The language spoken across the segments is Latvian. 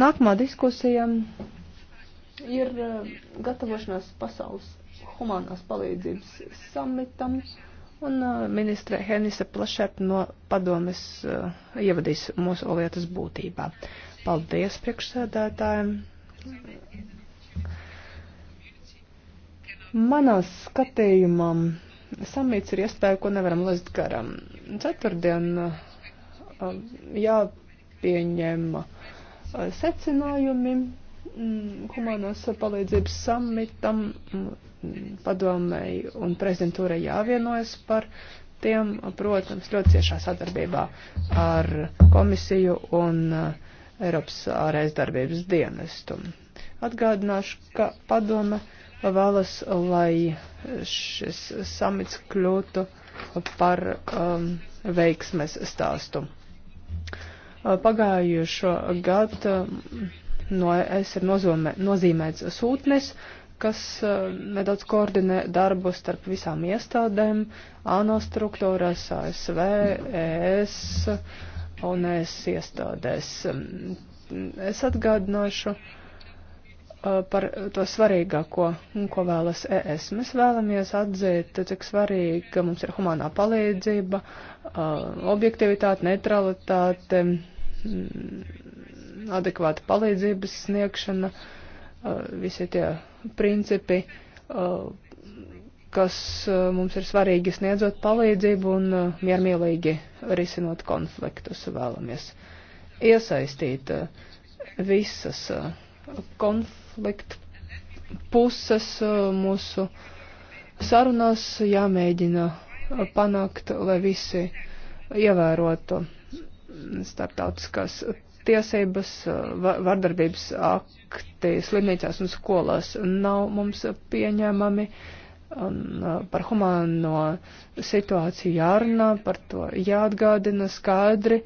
Nākamā diskusija ir eh, gatavošanās pasaules humanās palīdzības samitam, un eh, ministre Henise Plašert no padomes eh, ievadīs mūsu lietas būtībā. Paldies priekšsēdētājiem! Manā skatījumā samīts ir iespēja, ko nevaram lest garam. Ceturtdien jāpieņem. Uh, Eh, secinājumi mm, humanās palīdzības samitam mm, padomēji un prezidentūrai jāvienojas par tiem, protams, ļoti ciešā sadarbībā ar komisiju un eh, Eiropas ārējas darbības dienestu. Atgādināšu, ka padome vēlas, lai šis samits kļūtu par um, veiksmes stāstu. Eh, pagājušo gadu eh, no es ir nozīmē, nozīmēts sūtnis, kas eh, nedaudz koordinē darbu starp visām iestādēm, ANO struktūras, ASV, e e mm, ES un ES iestādēs. Es atgādināšu par to svarīgāko, ko vēlas ES. Mēs vēlamies atzīt, cik svarīga mums ir humanā palīdzība, objektivitāte, neutralitāte, Mm, adekvāta palīdzības sniegšana, uh, visi tie principi, uh, kas uh, mums ir svarīgi sniedzot palīdzību un miermīlīgi risinot konfliktus vēlamies. Iesaistīt visas konfliktu puses mūsu sarunās jāmēģina panākt, lai visi ievērotu starptautiskās tiesības, vardarbības akti slimnīcās un skolās nav mums pieņemami. Un uh, par humāno situāciju jārunā, par to jāatgādina skaidri,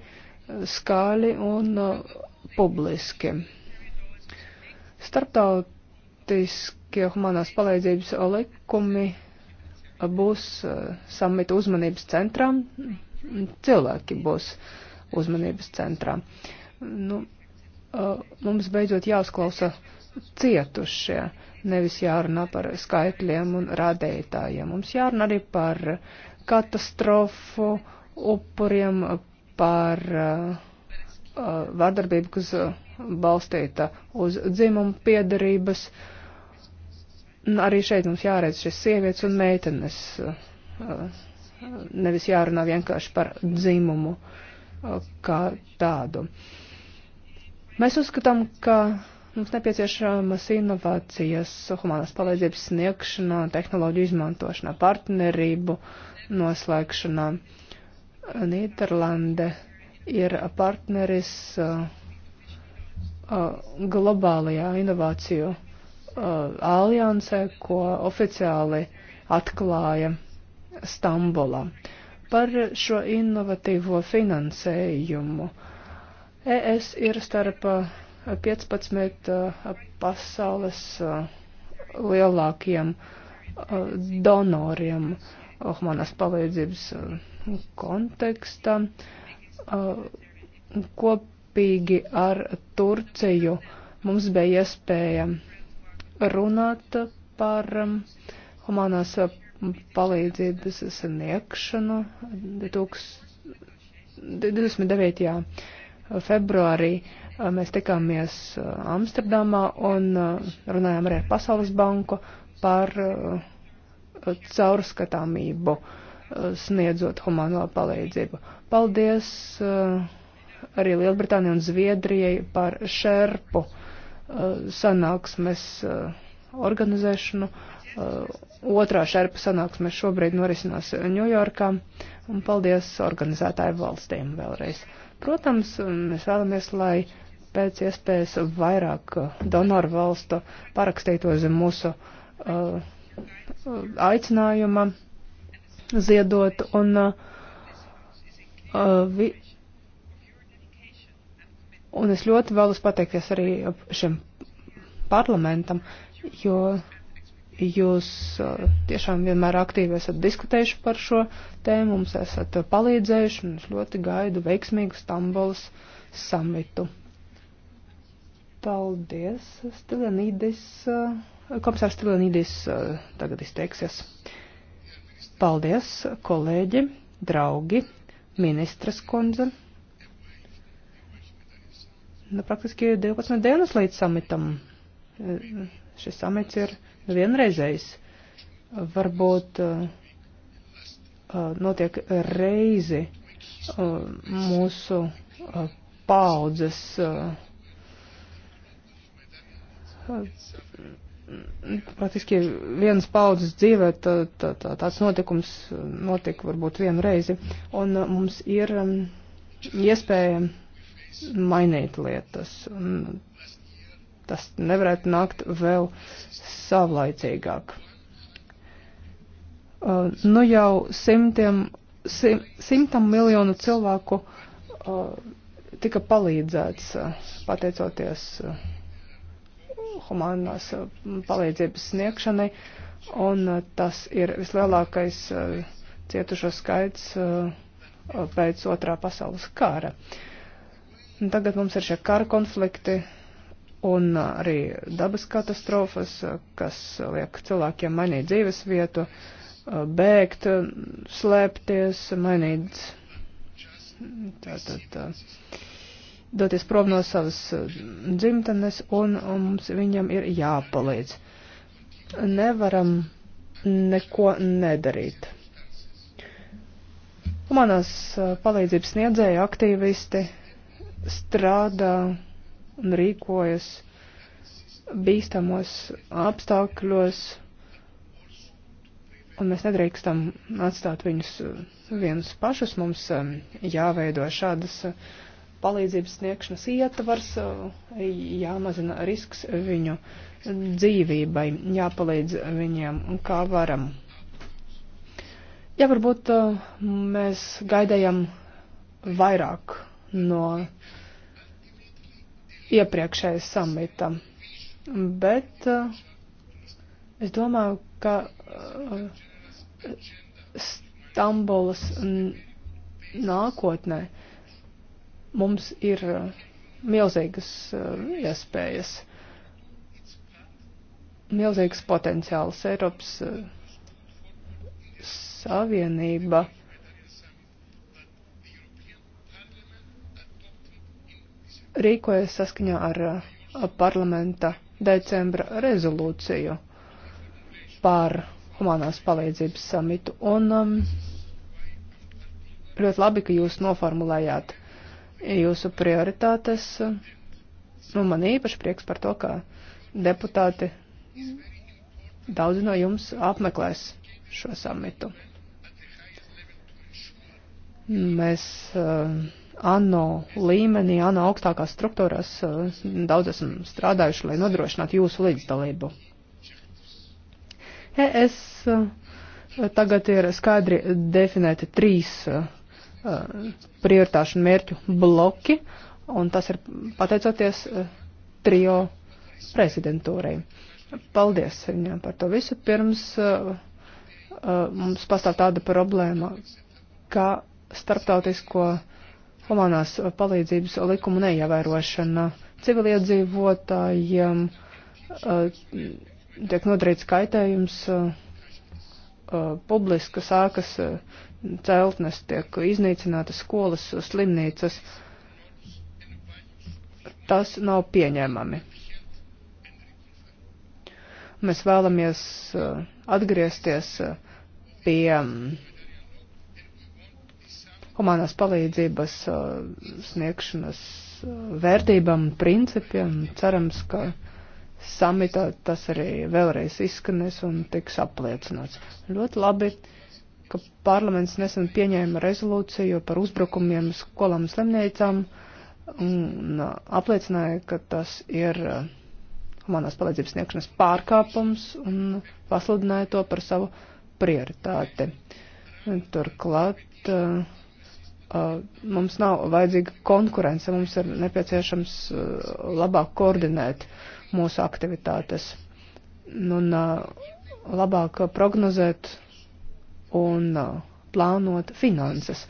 skaļi un uh, publiski. Startautiskie humanās palīdzības likumi būs uh, samita uzmanības centrām. Cilvēki būs uh, uzmanības centrā. Nu, mums beidzot jāuzklausa cietušie, nevis jārunā par skaitļiem un rādētājiem. Mums jārunā arī par katastrofu upuriem, par uh, vārdarbību, kas balstīta uz dzimumu piedarības. Un arī šeit mums jāredz šis sievietes un meitenes, uh, nevis jārunā vienkārši par dzimumu. Uh, kā tādu. Mēs uzskatām, ka mums nepieciešamas inovācijas, humanās palīdzības sniegšanā, tehnoloģiju izmantošanā, partnerību noslēgšanā. Nīderlande ir partneris uh, uh, globālajā inovāciju uh, aliansē, ko oficiāli atklāja Stambulā. Uh, par šo innovatīvo finansējumu. ES ir starp 15 eh, eh, pasaules eh, lielākiem donoriem humanās palīdzības kontekstā kopīgi ar Turciju mums bija iespēja runāt par humanās palīdzības sniegšanu 29. februārī. Mēs tikāmies Amsterdamā un runājām arī ar Pasaules banku par caurskatāmību sniedzot humano palīdzību. Paldies arī Lielbritānijai un Zviedrijai par šerpu sanāksmes organizēšanu Otrā šerpa sanāksme šobrīd norisinās Ņujorkā, un paldies organizētāju valstīm vēlreiz. Protams, mēs vēlamies, lai pēc iespējas vairāk donoru valstu parakstītos zem mūsu uh, aicinājuma ziedot, un, uh, uh, vi, un es ļoti vēlos pateikties arī šim parlamentam, jo Jūs tiešām vienmēr aktīvi esat diskutējuši par šo tēmu, mums esat palīdzējuši un es ļoti gaidu veiksmīgu Stambulas samitu. Paldies, Stilenīdis. Komisārs Stilenīdis tagad izteiksies. Paldies, kolēģi, draugi, ministras kundze. Nu, praktiski 12 dienas līdz samitam. Šis samits ir vienreizējs. Varbūt eh, eh, notiek reizi eh, mūsu paudzes praktiski vienas paudzes dzīvē tā, tā, tā, tāds notikums notika varbūt vienu reizi, un mums ir mm, iespēja mainīt lietas. Un tas nevarētu nākt vēl savlaicīgāk. Uh, nu jau simtiem, sim, simtam miljonu cilvēku uh, tika palīdzēts uh, pateicoties uh, humānās uh, palīdzības sniegšanai, un uh, tas ir vislielākais uh, cietušo skaits uh, uh pēc otrā pasaules kara. Un tagad mums ir šie kara konflikti, uh, un uh, arī dabas katastrofas, uh, kas liek cilvēkiem mainīt dzīves vietu, uh, bēgt, slēpties, mainīt, tātad, doties prom no savas dzimtenes, un, un mums viņam ir jāpalīdz. Nevaram neko nedarīt. Humanās palīdzības sniedzēja aktīvisti strādā un rīkojas bīstamos apstākļos, un mēs nedrīkstam atstāt viņus vienus pašus. Mums um, jāveido šādas uh, palīdzības sniegšanas ietvars, uh, jāmazina risks viņu dzīvībai, jāpalīdz viņiem kā varam. Jā, varbūt uh, mēs gaidējam vairāk no iepriekšēja samita. Bet eh, es domāju, ka eh, Stambulas nākotnē mums ir eh, milzīgas iespējas, milzīgs potenciāls Eiropas Savienība. Uh, rīkojas saskaņā ar parlamenta decembra rezolūciju par humanās palīdzības samitu. Un um, ļoti labi, ka jūs noformulējāt jūsu prioritātes. Nu, man īpaši prieks par to, ka deputāti daudzi no jums apmeklēs šo samitu. Mēs uh, ANO līmenī, ANO augstākās struktūrās eh, daudz esam strādājuši, lai nodrošinātu jūsu līdzdalību. ES eh, tagad ir skaidri definēti trīs eh, prioritāšu mērķu bloki, un tas ir pateicoties trio prezidentūrai. Paldies viņam par to visu. Pirms mums pastāv tāda problēma, ka starptautisko uh, humanās uh, palīdzības likumu neievērošana. Civiliedzīvotājiem uh, tiek nodarīts kaitējums, uh, publiskas ēkas, celtnes tiek iznīcinātas, skolas, slimnīcas. Tas nav pieņēmami. Mēs vēlamies atgriezties pie humanās palīdzības uh, sniegšanas uh, vērtībām un principiem. Cerams, ka samitā tas arī vēlreiz izskanēs un tiks apliecināts. Ļoti labi, ka parlaments nesen pieņēma rezolūciju par uzbrukumiem skolām un slimnīcām un uh, apliecināja, ka tas ir humanās palīdzības sniegšanas pārkāpums un pasludināja to par savu prioritāti. Turklāt uh, Uh, mums nav vajadzīga konkurence, mums ir nepieciešams uh, labāk koordinēt mūsu aktivitātes un uh, labāk prognozēt un plānot finanses.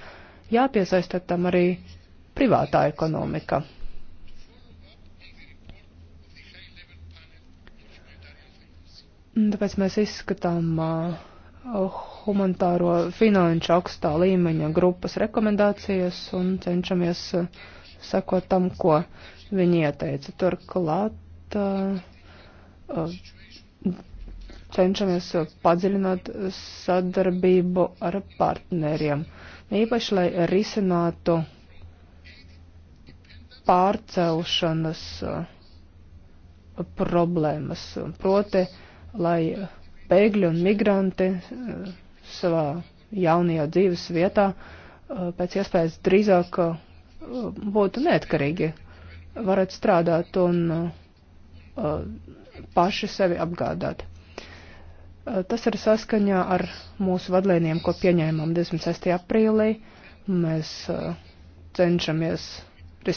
Jāpiesaista tam arī privātā ekonomika. Tāpēc mēs izskatām uh, humanitāro finanšu augstā līmeņa grupas rekomendācijas un cenšamies eh, sekot tam, ko viņi ieteica. Turklāt eh, eh, cenšamies padziļināt sadarbību ar partneriem, īpaši, lai risinātu pārcelšanas problēmas, proti, lai bēgļi un migranti eh, savā jaunajā dzīves vietā eh, pēc iespējas drīzāk eh, būtu neatkarīgi, varētu strādāt un paši sevi apgādāt. Tas ir saskaņā ar mūsu vadlīnijām, ko pieņēmām 26. aprīlī. Mēs cenšamies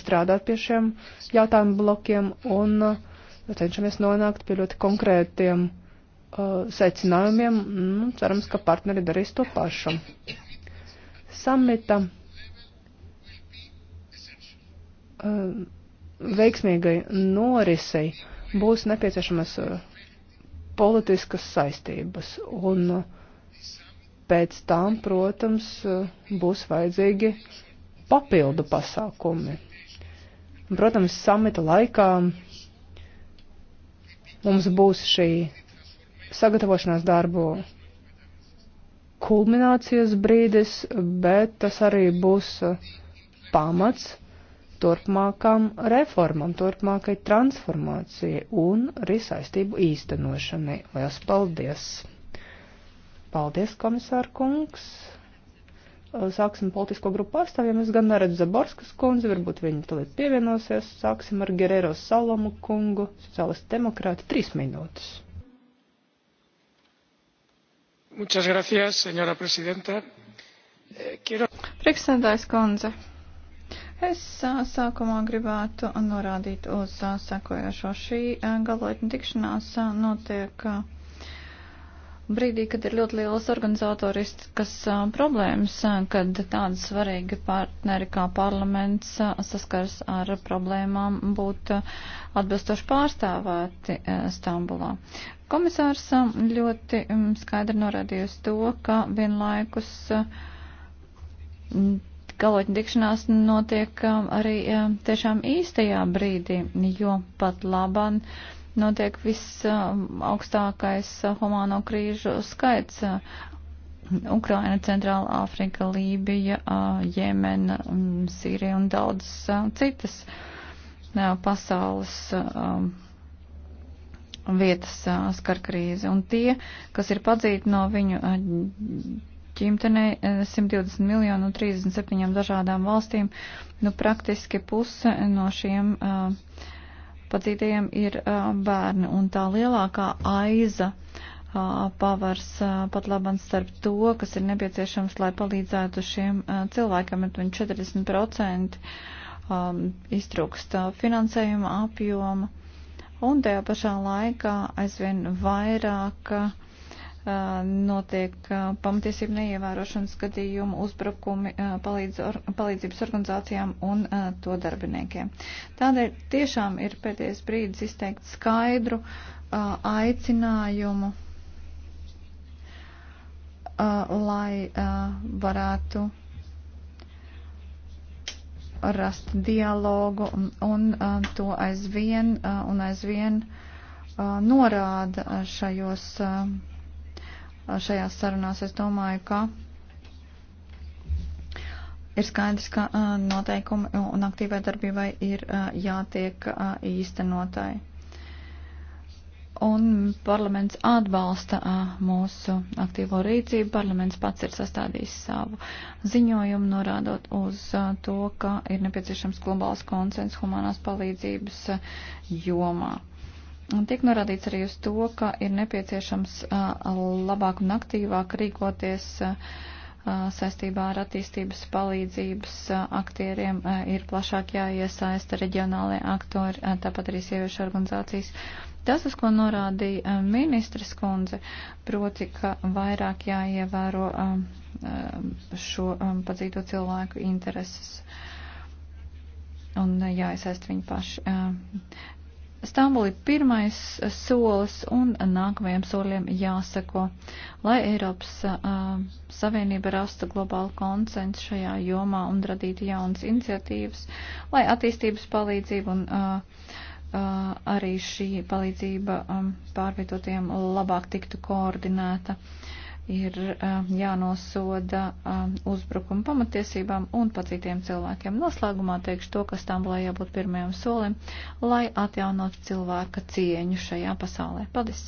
strādāt pie šiem jautājumu blokiem un cenšamies nonākt pie ļoti konkrētiem uh, Uh, secinājumiem. Nu, cerams, ka partneri darīs to pašu. Samita uh, veiksmīgai norisei būs nepieciešamas uh, politiskas saistības, un pēc tām, protams, būs vajadzīgi papildu pasākumi. Protams, samita laikā mums būs šī sagatavošanās darbu kulminācijas brīdis, bet tas arī būs uh, pamats turpmākām reformām, turpmākai transformācijai un arī saistību īstenošanai. Lielas paldies! Paldies, komisār kungs! Uh, sāksim politisko grupu pārstāvjiem. Es gan neredzu Zaborskas kundzi, varbūt viņa tulīt pievienosies. Sāksim ar Gerēro Salomu kungu, sociālistu demokrāti, trīs minūtes. Gracias, señora presidenta. Eh, quiero... Priekšsēdājas kundze, es sākumā gribētu norādīt uz sekojošo. Šī galotņa tikšanās notiek. Brīdī, kad ir ļoti lielas organizatoriskas problēmas, kad tādi svarīgi partneri kā parlaments saskars ar problēmām būt atbilstoši pārstāvēti Stambulā. Komisārs ļoti skaidri norādījusi to, ka vienlaikus galotņu tikšanās notiek arī tiešām īstajā brīdī, jo pat labam. Uh, notiek viss augstākais uh, humāno krīžu skaits. Uh, Ukraina, Centrāla Āfrika, Lībija, uh, Jemena, um, Sīrija un daudzas citas pasaules um, vietas skar krīzi. Un tie, kas ir padzīti no viņu ģimtenei 120 miljonu un 37 dažādām valstīm, nu praktiski puse no šiem uh, patītajiem ir bērni. Un tā lielākā aiza pavars pat labam starp to, kas ir nepieciešams, lai palīdzētu šiem cilvēkiem, un 40% iztrūkst finansējuma apjoma. Un tajā pašā laikā aizvien vairāk uh, notiek pamatiesību neievērošanas gadījumu uzbrukumi palīdz, or, palīdzības organizācijām un to darbiniekiem. Tādēļ tiešām ir pēdējais brīdis izteikt skaidru aicinājumu, lai varētu rast dialogu un to aizvien un aizvien norāda šajos šajās sarunās. Es domāju, ka ir skaidrs, ka noteikumi un aktīvai darbībai ir jātiek īstenotai. Un parlaments atbalsta mūsu aktīvo rīcību. Parlaments pats ir sastādījis savu ziņojumu, norādot uz to, ka ir nepieciešams globāls konsens humanās palīdzības jomā. Tiek norādīts arī uz to, ka ir nepieciešams labāk un aktīvāk rīkoties saistībā ar attīstības palīdzības aktieriem, ir plašāk jāiesaista reģionālajie aktori, tāpat arī sieviešu organizācijas. Tas, uz ko norādīja ministres kundze, proti, ka vairāk jāievēro šo padzīto cilvēku intereses un jāiesaist viņu paši. Stambuli pirmais solis un nākamajiem soļiem jāsako, lai Eiropas uh, Savienība rastu globālu konsensu šajā jomā un radītu jaunas iniciatīvas, lai attīstības palīdzība un uh, uh, arī šī palīdzība um, pārvietotiem labāk tiktu koordinēta. Uh, ir um, jānosoda um, uzbrukuma pamatiesībām un pacītiem cilvēkiem. Noslēgumā teikšu to, kas tam lai jābūt pirmajam solim, lai atjaunot cilvēka cieņu šajā pasaulē. Paldies!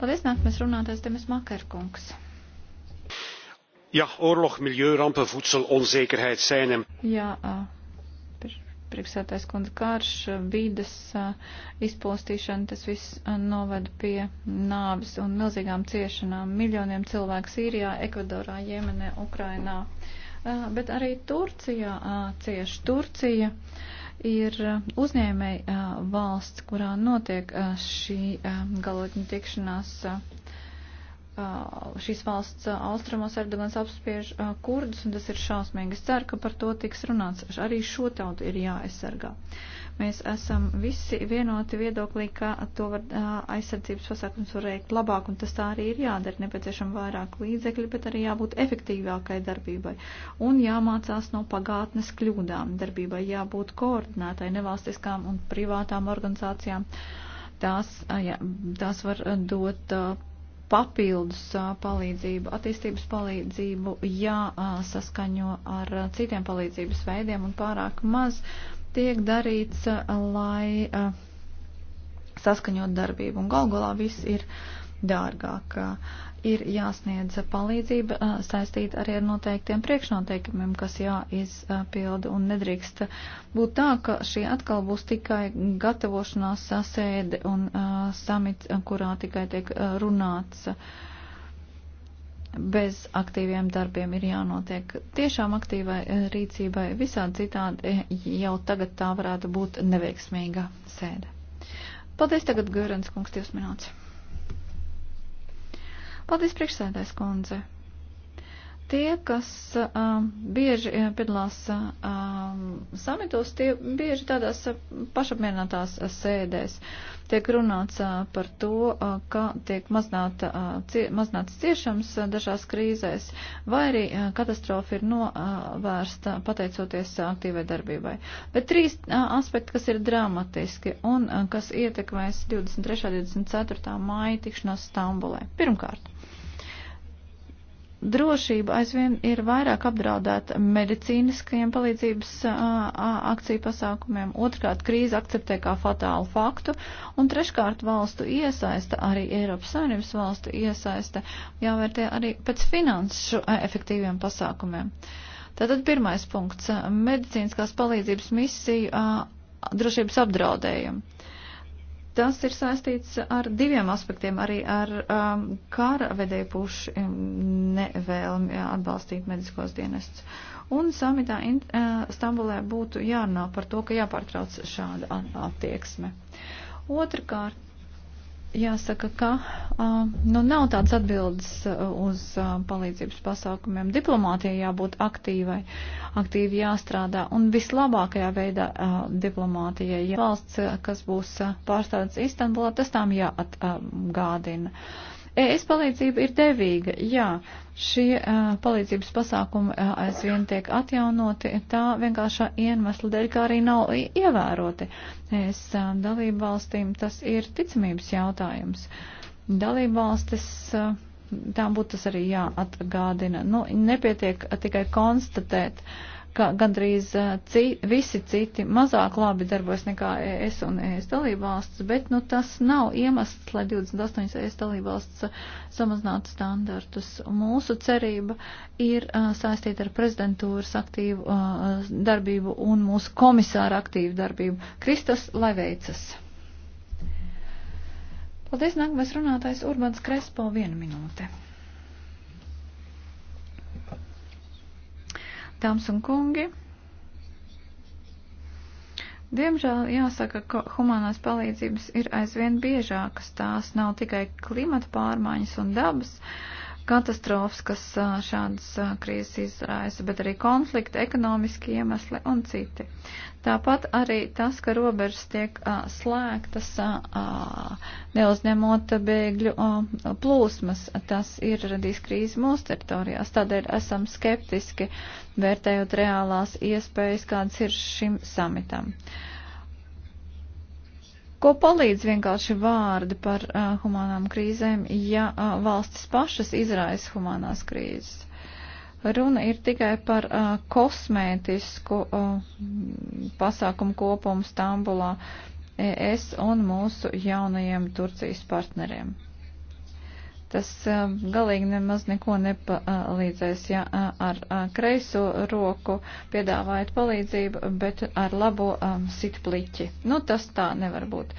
Paldies, nākamais runātais Demis Makarkungs. Ja, oorlog, milieurampen, voedselonzekerheid zijn hem. Ja, uh, priekšsētais kundze karš, vidas izpostīšana, tas viss noved pie nāvis un milzīgām ciešanām miljoniem cilvēku Sīrijā, Ekvadorā, Jemenē, Ukrainā, bet arī Turcijā cieši. Turcija ir uzņēmēja valsts, kurā notiek šī galotņa tikšanās Uh, šīs valsts uh, austrumos Erdogans apspiež uh, kurdus, un tas ir šausmīgi. Es ceru, ka par to tiks runāts. Arī šo tautu ir jāaizsargā. Mēs esam visi vienoti viedoklī, ka to var, aizsardzības pasākums var veikt labāk, un tas tā arī ir jādara. Nepieciešam vairāk līdzekļu, bet arī jābūt efektīvākai darbībai. Un jāmācās no pagātnes kļūdām darbībai, jābūt koordinētai nevalstiskām un privātām organizācijām. Tās, jā, tās var dot papildus palīdzību, attīstības palīdzību jāsaskaņo ar citiem palīdzības veidiem un pārāk maz tiek darīts, lai saskaņot darbību. Un galgulā viss ir dārgāk. Uh, ir jāsniedz palīdzība saistīta arī ar noteiktiem priekšnoteikumiem, kas jāizpilda un nedrīkst būt tā, ka šī atkal būs tikai gatavošanās sasēde un samits, kurā tikai tiek runāts. Bez aktīviem darbiem ir jānotiek tiešām aktīvai rīcībai, visādi citādi jau tagad tā varētu būt neveiksmīga sēde. Paldies tagad, Gērens kungs, divas minūtes. Paldies, priekšsēdājs kundze. Tie, kas uh, bieži eh, piedalās uh, samitos, tie bieži tādās eh, pašapmierinātās eh, sēdēs tiek runāts uh, par to, uh, ka tiek maznāta, uh, cie, maznāts ciešams uh, dažās krīzēs, vai arī uh, katastrofa ir novērsta uh, pateicoties uh, aktīvai darbībai. Bet trīs uh, aspekti, kas ir dramatiski un uh, kas ietekmēs 23. un 24. māja tikšanos Stambulē. Pirmkārt drošība aizvien ir vairāk apdraudēta medicīniskajiem palīdzības akciju pasākumiem, otrkārt krīze akceptē kā fatālu faktu, un treškārt valstu iesaista, arī Eiropas Savienības valstu iesaista, jāvērtē arī pēc finanšu efektīviem pasākumiem. Tātad pirmais punkts - medicīniskās palīdzības misija drošības apdraudējumu. Tas ir saistīts ar diviem aspektiem, arī ar um, kara vedēju pušu um, nevēlmi atbalstīt mediskos dienestus. Un samitā in, uh, Stambulē būtu jārunā par to, ka jāpārtrauc šāda attieksme. Otrakārt, Jāsaka, ka nu, nav tāds atbildes uz palīdzības pasākumiem. Diplomātija jābūt aktīvai, aktīvi jāstrādā un vislabākajā veidā diplomātijai. Ja valsts, kas būs pārstāvēts Istanbulā, tas tām jāatgādina. Uh, ES palīdzība ir devīga, jā, šie uh, palīdzības pasākumi uh, aizvien tiek atjaunoti, tā vienkāršā iemesla dēļ, kā arī nav ievēroti. ES uh, dalību valstīm tas ir ticamības jautājums. Dalību valstis. Uh, Tām būtu tas arī jāatgādina. Nu, nepietiek tikai konstatēt uh, ka gandrīz ci, visi citi mazāk labi darbojas nekā ES un ES dalībvalsts, bet nu, tas nav iemesls, lai 28 ES dalībvalsts samazinātu standartus. Mūsu cerība ir uh, saistīta ar prezidentūras aktīvu uh, darbību un mūsu komisāra aktīvu darbību. Kristus, lai veicas! Paldies, nākamais runātājs Urbans Krespo, viena minūte. Dāmas un kungi, diemžēl jāsaka, ka humanās palīdzības ir aizvien biežākas. Tās nav tikai klimata pārmaiņas un dabas. Uh, katastrofas, kas šādas krīzes izraisa, bet arī konflikti, ekonomiski iemesli un citi. Tāpat arī tas, ka robežas tiek slēgtas, neuzņemot bēgļu plūsmas, tas ir radījis krīzi mūsu teritorijās. Tādēļ esam skeptiski vērtējot reālās iespējas, kādas ir šim samitam. Uh, Ko palīdz vienkārši vārdi par uh, humānām krīzēm, ja uh, valstis pašas izraisa humānās krīzes? Runa ir tikai par uh, kosmētisku uh, pasākumu kopumu Stambulā, ES un mūsu jaunajiem Turcijas partneriem. Tas galīgi nemaz neko nepalīdzēs, ja ar kreiso roku piedāvājat palīdzību, bet ar labo sit pliķi. Nu, tas tā nevar būt.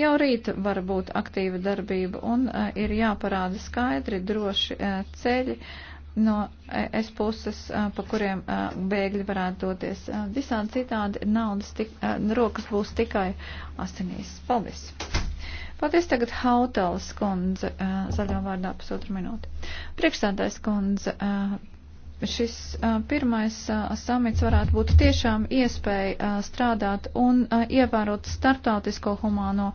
Jau rīt var būt aktīva darbība un ir jāparāda skaidri, droši ceļi no es puses, pa kuriem bēgļi varētu doties. Visādi citādi naudas tik, rokas būs tikai asinīs. Paldies! Paldies tagad Hautals kundze, eh, zaļo vārdā pusotru minūti. Priekšstādājs kundze, eh, šis pirmais samits varētu būt tiešām iespēja strādāt un ievērot startautisko humāno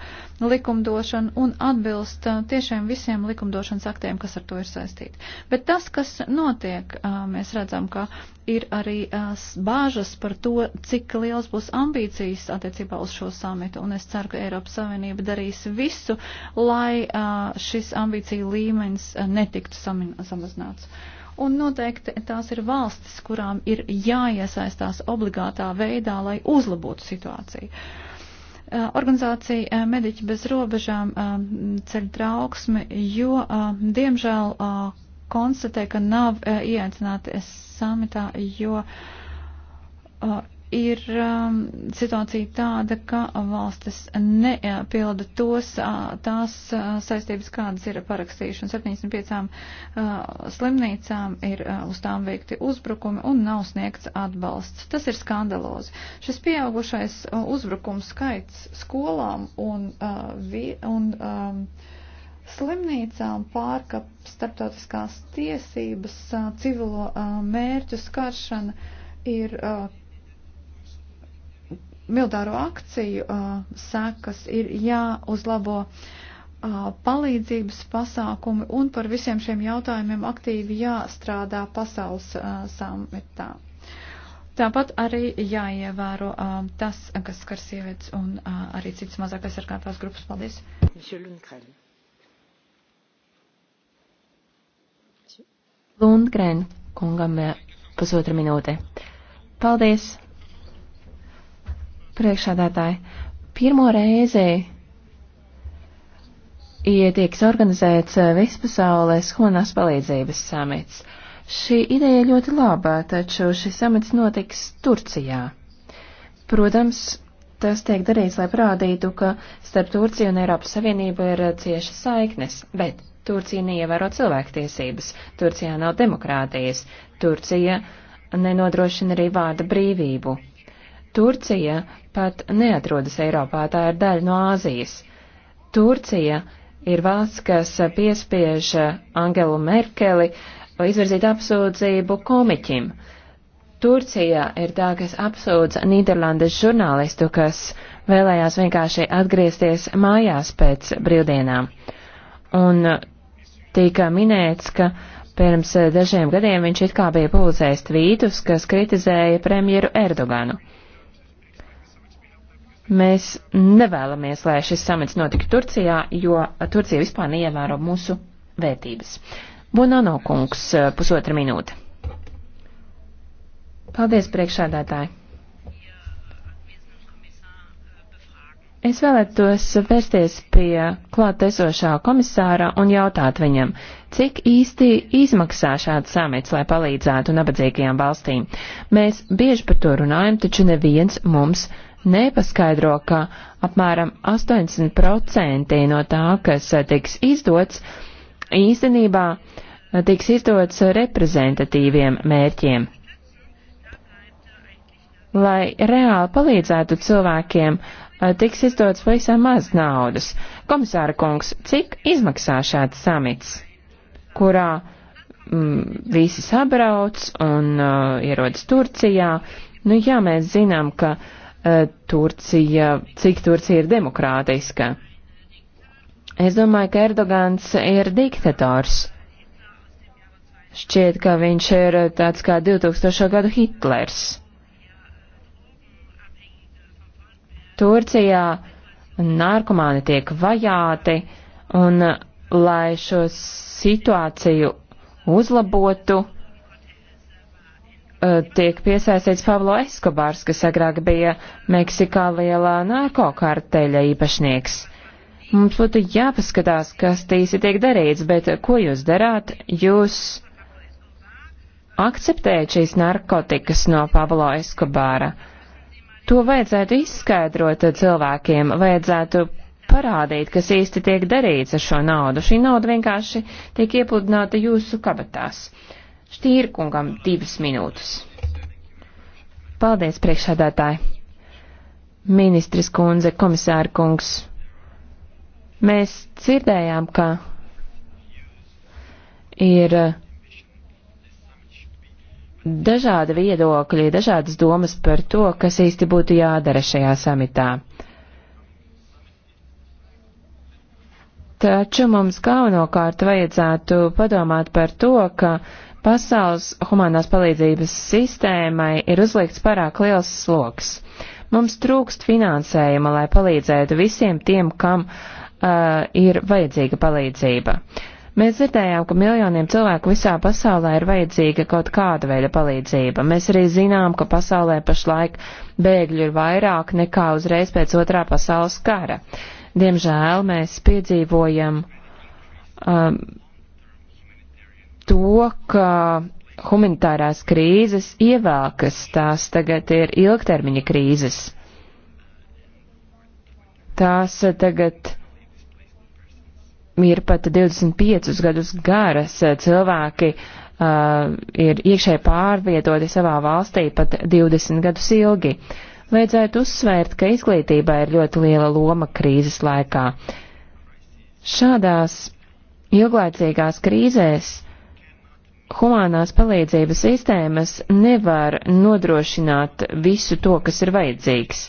likumdošanu un atbilst tiešām visiem likumdošanas aktiem, kas ar to ir saistīti. Bet tas, kas notiek, mēs redzam, ka ir arī bāžas par to, cik liels būs ambīcijas attiecībā uz šo samitu, un es ceru, ka Eiropas Savienība darīs visu, lai šis ambīcija līmenis netiktu samazināts. Samin Un noteikti tās ir valstis, kurām ir jāiesaistās obligātā veidā, lai uzlabotu situāciju. Eh, organizācija eh, Mediķi bez robežām eh, ceļ trauksmi, jo, diemžēl, konstatē, ka nav ieaicināti samitā, jo ir um, situācija tāda, ka valstis nepilda tos, tās saistības, kādas ir parakstījušas. 75 uh, slimnīcām ir uh, uz tām veikti uzbrukumi un nav sniegts atbalsts. Tas ir skandalozi. Šis pieaugušais uh, uzbrukums skaits skolām un, uh, vi, un um, slimnīcām pārkap starptautiskās tiesības, uh, civilo uh, mērķu skaršana ir. Uh, militāro akciju uh, sekas ir jāuzlabo uh, palīdzības pasākumi un par visiem šiem jautājumiem aktīvi jāstrādā pasaules uh, samitā. Tāpat arī jāievēro uh, tas, kas skar sievietes un uh, arī citas mazākās sarkātās grupas. Paldies! Lundgren kungam pusotra minūte. Paldies! priekšādātāji. Pirmo reizi ietieks organizēts eh, vispasaules humanās palīdzības samits. Šī ideja ļoti labā, taču šis samits notiks Turcijā. Protams, tas tiek darīts, lai parādītu, ka starp Turciju un Eiropas Savienību ir eh, cieša saiknes, bet Turcija neievēro cilvēktiesības, Turcijā nav demokrātijas, Turcija nenodrošina arī vārda brīvību. Turcija pat neatrodas Eiropā, tā ir daļa no Āzijas. Turcija ir valsts, kas piespiež Angelu Merkeli izvirzīt apsūdzību komiķim. Turcija ir tā, kas apsūdz Nīderlandes žurnālistu, kas vēlējās vienkārši atgriezties mājās pēc brīvdienām. Un tika minēts, ka pirms dažiem gadiem viņš it kā bija publicējis tvītus, kas kritizēja premjeru Erdoganu. Mēs nevēlamies, lai šis samits notika Turcijā, jo Turcija vispār neievēro mūsu vērtības. Bonano kungs, pusotra minūte. Paldies, priekšādātāji. Es vēlētos vērsties pie klāt esošā komisāra un jautāt viņam, cik īsti izmaksā šāds samits, lai palīdzētu nabadzīgajām valstīm. Mēs bieži par to runājam, taču neviens mums nepaskaidro, ka apmēram 80% no tā, kas eh, tiks izdots, īstenībā eh, tiks izdots eh, reprezentatīviem mērķiem. Lai reāli palīdzētu cilvēkiem, tiks izdots pavisam maz naudas. Komisāra kungs, cik izmaksā šāds samits, kurā mm, visi sabrauc un uh, ierodas Turcijā? Nu jā, mēs zinām, ka uh, Eh, Turcija, cik Turcija ir demokrātiska. Es domāju, ka Erdogans ir diktators. Šķiet, ka viņš ir tāds kā 2000. gadu Hitlers. Turcijā narkomāni tiek vajāti, un lai šo situāciju uzlabotu, Eh, tiek piesaistīts Pablo Eskobārs, kas agrāk bija Meksikā lielā narkokarteļa īpašnieks. Mums būtu jāpaskatās, kas tīsi tiek darīts, bet ko jūs darāt? Jūs akceptējat šīs narkotikas no Pablo Eskobāra. To vajadzētu izskaidrot cilvēkiem, vajadzētu parādīt, kas īsti tiek darīts ar šo naudu. Šī nauda vienkārši tiek iepludināta jūsu kabatās. Uh, Štīrkungam divas minūtes. Paldies, priekšsādātāji. Ministris kundze, komisāra kungs. Mēs dzirdējām, ka ir uh, dažādi viedokļi, dažādas domas par to, kas īsti būtu jādara šajā samitā. Taču mums galvenokārt vajadzētu padomāt par to, ka Pasaules humanās palīdzības sistēmai ir uzlikts pārāk liels sloks. Mums trūkst finansējuma, lai palīdzētu visiem tiem, kam uh, ir vajadzīga palīdzība. Mēs dzirdējām, ka miljoniem cilvēku visā pasaulē ir vajadzīga kaut kāda veida palīdzība. Mēs arī zinām, ka pasaulē pašlaik bēgļu ir vairāk nekā uzreiz pēc otrā pasaules kara. Diemžēl mēs piedzīvojam um, uh, to, ka humanitārās krīzes ievākas, tās tagad ir ilgtermiņa krīzes. Tās tagad ir pat 25 gadus garas. Cilvēki uh, ir iekšēji pārvietoti savā valstī pat 20 gadus ilgi. Vajadzētu uzsvērt, ka izglītībā ir ļoti liela loma krīzes laikā. Šādās ilglaicīgās krīzēs humānās palīdzības sistēmas nevar nodrošināt visu to, kas ir vajadzīgs.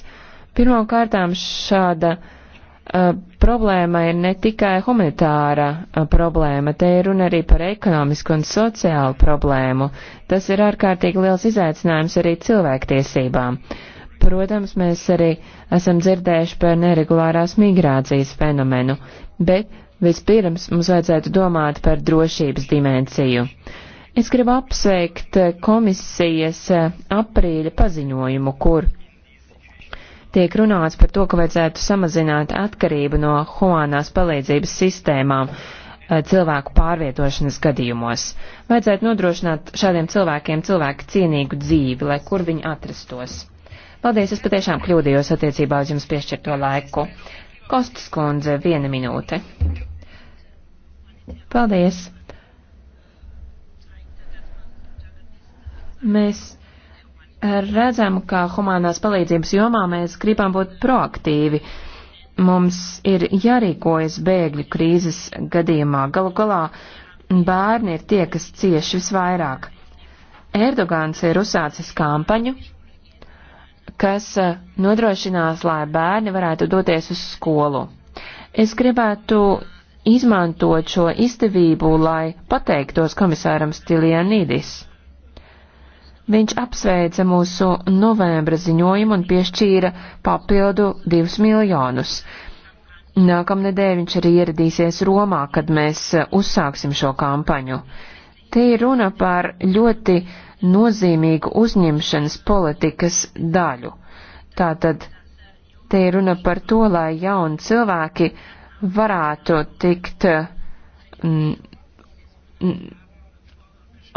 Pirmkārtām šāda uh, problēma ir ne tikai humanitāra uh, problēma, te ir runa arī par ekonomisku un sociālu problēmu. Tas ir ārkārtīgi liels izaicinājums arī cilvēktiesībām. Protams, mēs arī esam dzirdējuši par neregulārās migrācijas fenomenu, bet vispirms mums vajadzētu domāt par drošības dimensiju. Uh, Es gribu apsveikt eh, komisijas eh, aprīļa paziņojumu, kur tiek runāts par to, ka vajadzētu samazināt atkarību no huānās palīdzības sistēmām eh, cilvēku pārvietošanas gadījumos. Vajadzētu nodrošināt šādiem cilvēkiem cilvēku cienīgu dzīvi, lai kur viņi atrastos. Paldies, es patiešām kļūdījos attiecībā uz jums piešķirto laiku. Kostas kundze, viena minūte. Paldies! Mēs eh, redzam, ka humanās palīdzības jomā mēs gribam būt proaktīvi. Mums ir jārīkojas bēgļu krīzes gadījumā. Galu galā bērni ir tie, kas cieš visvairāk. Erdogans ir uzsācis kampaņu, kas eh, nodrošinās, lai bērni varētu doties uz skolu. Es gribētu izmantot šo izdevību, lai pateiktos komisāram Stilianīdis. Viņš apsveica mūsu novembra ziņojumu un piešķīra papildu 2 miljonus. Nākamnedēļ viņš arī ieradīsies Romā, kad mēs eh, uzsāksim šo kampaņu. Te ir runa par ļoti nozīmīgu uzņemšanas politikas daļu. Tātad te ir runa par to, lai jauni cilvēki varētu tikt mm, mm,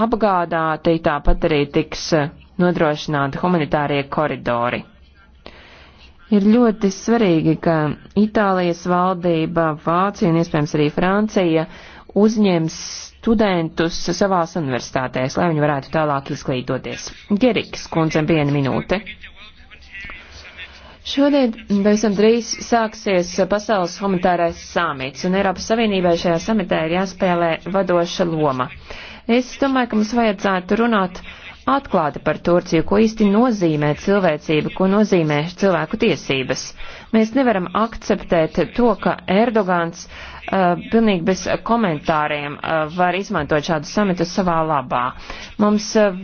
apgādāti, tāpat arī tiks eh, nodrošināti humanitārie koridori. Ir ļoti svarīgi, ka Itālijas valdība, Vācija un iespējams arī Francija uzņems studentus savās universitātēs, lai viņi varētu tālāk izglītoties. Geriks kundzem viena minūte. Šodien pavisam drīz sāksies pasaules humanitārais samits, un Eiropas Savienībai šajā samitē ir jāspēlē vadoša loma. Uh, Es domāju, ka mums vajadzētu runāt atklāti par Turciju, ko īsti nozīmē cilvēcība, ko nozīmē cilvēku tiesības. Mēs nevaram akceptēt to, ka Erdogans uh, pilnīgi bez komentāriem uh, var izmantot šādu samitu savā labā. Mums uh,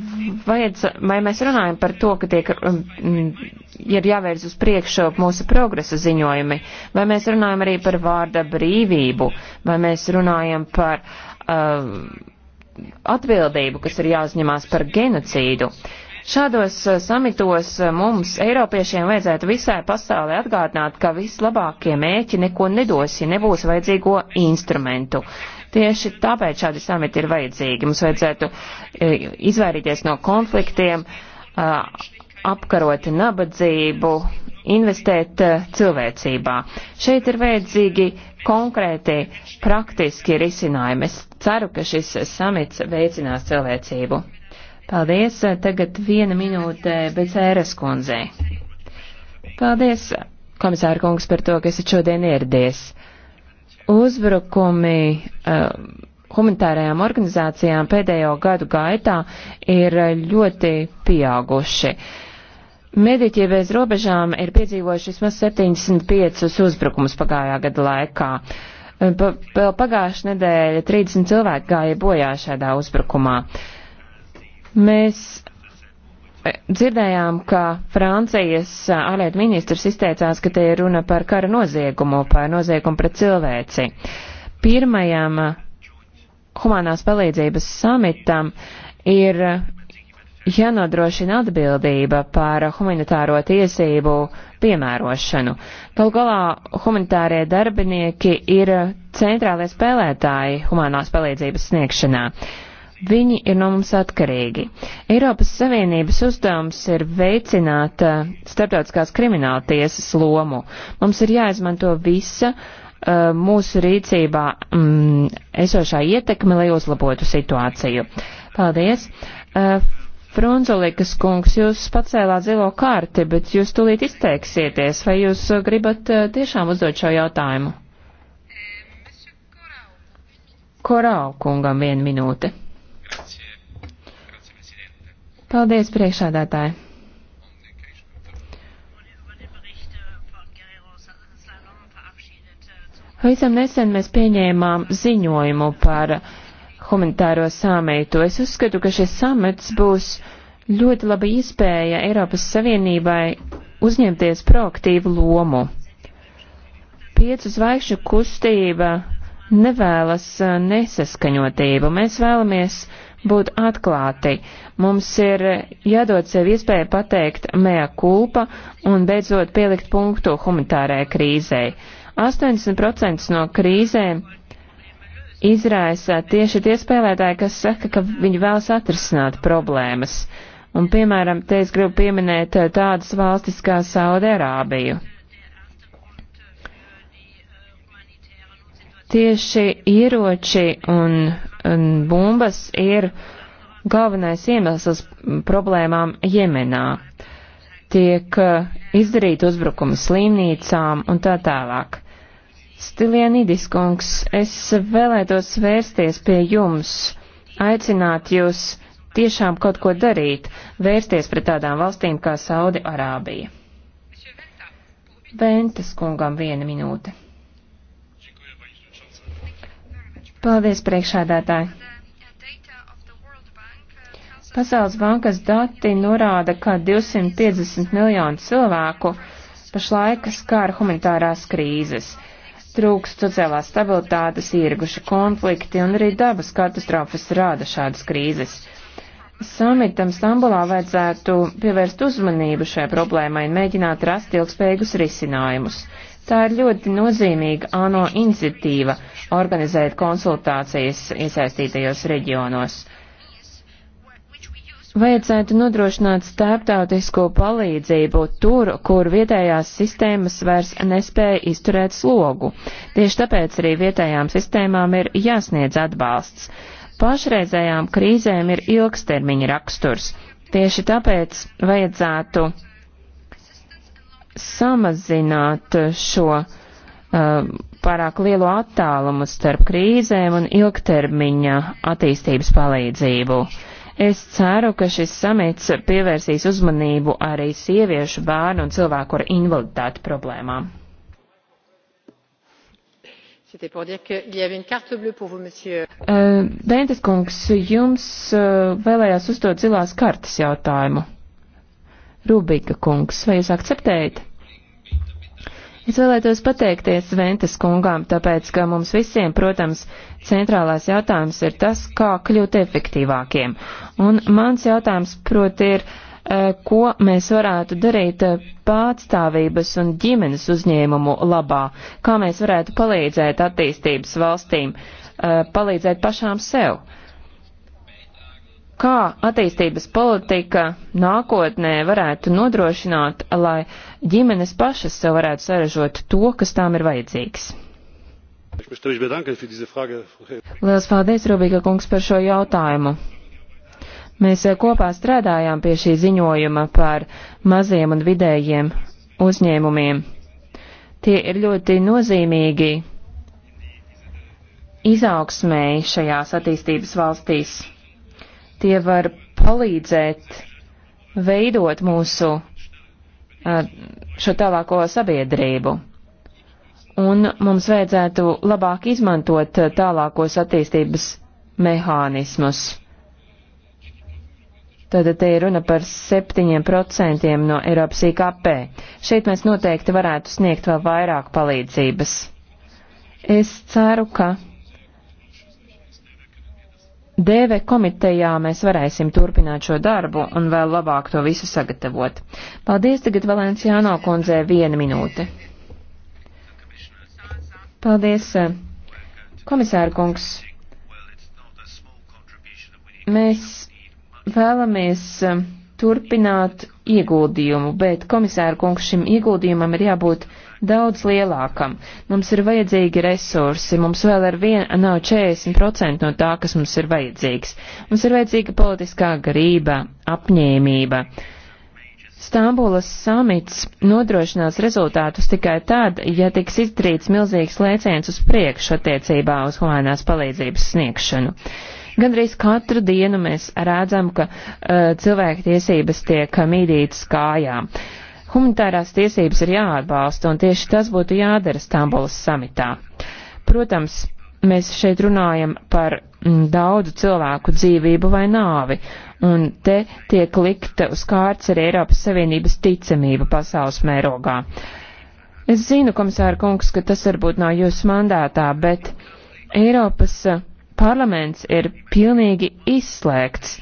vajadz, vai mēs runājam par to, ka tiek um, mm, ir jāvērz uz priekšu mūsu progresa ziņojumi, vai mēs runājam arī par vārda brīvību, vai mēs runājam par. Uh, atbildību, kas ir jāuzņemās par genocīdu. Šādos uh, samitos uh, mums, Eiropiešiem, vajadzētu visai pasaulē atgādināt, ka vislabākie mēķi neko nedos, ja nebūs vajadzīgo instrumentu. Tieši tāpēc šādi samiti ir vajadzīgi. Mums vajadzētu uh, izvairīties no konfliktiem, apkarot nabadzību, investēt cilvēcībā. Šeit ir vajadzīgi konkrēti, praktiski risinājumi. Es Ceru, ka šis samits veicinās cilvēcību. Paldies, tagad viena minūte bez ēras kundzei. Paldies, komisāra kungs, par to, ka esat šodien ieradies. Uzbrukumi. Uh, humanitārajām organizācijām pēdējo gadu gaitā ir ļoti pieauguši. Mediķi bez robežām ir piedzīvojuši vismaz 75 uzbrukumus pagājā gada laikā. Uh, Vēl pagājušā nedēļa 30 cilvēki gāja bojā šādā uzbrukumā. Mēs e, dzirdējām, ka Francijas e, ārlietu ministrs izteicās, ka te ir runa par kara noziegumu, par noziegumu pret cilvēci. Pirmajam e, humanās palīdzības samitam ir jānodrošina atbildība par humanitāro tiesību piemērošanu. Galu galā humanitārie darbinieki ir centrālie spēlētāji humanās palīdzības sniegšanā. Viņi ir no mums atkarīgi. Eiropas Savienības uzdevums ir veicināt eh, starptautiskās krimināla tiesas lomu. Mums ir jāizmanto visa uh, mūsu rīcībā mm, esošā ietekme, lai uzlabotu situāciju. Paldies! Uh, Frunzulikas kungs, jūs pacēlāt zilo karti, bet jūs tulīt izteiksieties, vai jūs uh, gribat uh, tiešām uzdot šo jautājumu? Korau kungam vienu minūti. Paldies, priekšādātāji. Pavisam nesen mēs pieņēmām ziņojumu par uh, humanitāro samitu. Es uzskatu, ka šis samits būs ļoti laba iespēja Eiropas Savienībai uzņemties proaktīvu lomu. Piecu zvaigžņu kustība nevēlas uh, nesaskaņotību. Mēs vēlamies būt atklāti. Mums ir jādod sev iespēja pateikt mea kulpa un beidzot pielikt punktu humanitārai krīzei. 80% no krīzēm izraisa tieši tie spēlētāji, kas saka, ka viņi vēlas atrisināt problēmas. Un, piemēram, te es gribu pieminēt eh, tādas valstis kā Saudarābiju. Tieši ieroči un, un bumbas ir galvenais iemesls problēmām Jemenā. Tiek eh, izdarīti uzbrukumi slimnīcām un tā tālāk. Stilienīdis kungs, es vēlētos vērsties pie jums, aicināt jūs tiešām kaut ko darīt, vērsties pret tādām valstīm kā Saudi Arābija. Ventas kungam viena minūte. Paldies, priekšādātāji. Pasaules bankas dati norāda, ka 250 miljonu cilvēku pašlaik skāra humanitārās krīzes. Trūkst sociālās stabilitātes, ieguši konflikti un arī dabas katastrofas rāda šādas krīzes. Samitam Stambulā vajadzētu pievērst uzmanību šai problēmai un mēģināt rast ilgspējīgus risinājumus. Tā ir ļoti nozīmīga ANO iniciatīva organizēt konsultācijas iesaistītajos reģionos. Vajadzētu nodrošināt starptautisko palīdzību tur, kur vietējās sistēmas vairs nespēja izturēt slogu. Tieši tāpēc arī vietējām sistēmām ir jāsniedz atbalsts. Pašreizējām krīzēm ir ilgstermiņa raksturs. Tieši tāpēc vajadzētu samazināt šo uh, pārāk lielu attālumu starp krīzēm un ilgtermiņa attīstības palīdzību. Uh, Es ceru, ka šis samits pievērsīs uzmanību arī sieviešu, bērnu un cilvēku ar invaliditāti problēmām. Eh, Dentes kungs, jums eh, vēlējās uzdot zilās kartas jautājumu. Rubika kungs, vai jūs akceptējat? Es vēlētos pateikties Ventas kungām, tāpēc, ka mums visiem, protams, centrālās jautājums ir tas, kā kļūt efektīvākiem. Un mans jautājums, proti, ir, eh, ko mēs varētu darīt eh, pārstāvības un ģimenes uzņēmumu labā, kā mēs varētu palīdzēt attīstības valstīm, eh, palīdzēt pašām sev kā attīstības politika nākotnē varētu nodrošināt, lai uh, ģimenes pašas sev varētu saražot to, kas tām ir vajadzīgs. Lielas paldies, Rubīga kungs, par šo jautājumu. Mēs eh, kopā strādājām pie šī ziņojuma par maziem un vidējiem uzņēmumiem. Tie ir ļoti nozīmīgi izaugsmēji šajās attīstības valstīs. Tie var palīdzēt veidot mūsu Uh, šo tālāko sabiedrību. Un mums vajadzētu labāk izmantot tālākos attīstības mehānismus. Tātad te ir runa par 7% no Eiropas IKP. Šeit mēs noteikti varētu sniegt vēl vairāk palīdzības. Es ceru, ka Dēve komitejā mēs varēsim turpināt šo darbu un vēl labāk to visu sagatavot. Paldies tagad Valenciāno kundzē viena minūte. Paldies, eh, komisāra kungs. Mēs vēlamies eh, turpināt ieguldījumu, bet komisāra kungs šim ieguldījumam ir jābūt daudz lielākam. Mums ir vajadzīgi resursi, mums vēl ar vienu nav 40% no tā, kas mums ir vajadzīgs. Mums ir vajadzīga politiskā garība, apņēmība. Stambulas samits nodrošinās rezultātus tikai tad, ja tiks izdarīts milzīgs lēciens uz priekšu attiecībā uz humanās palīdzības sniegšanu. Gandrīz katru dienu mēs redzam, ka uh, cilvēktiesības tiek mīdītas kājām. Uh, Humanitārās tiesības ir jāatbalsta, un tieši tas būtu jādara Stambulas samitā. Protams, mēs šeit runājam par mm, daudzu cilvēku dzīvību vai nāvi, un te tiek likta uz kārts arī Eiropas Savienības ticamība pasaules mērogā. Es zinu, komisāra kungs, ka tas varbūt nav jūsu mandātā, bet Eiropas eh, parlaments ir pilnīgi izslēgts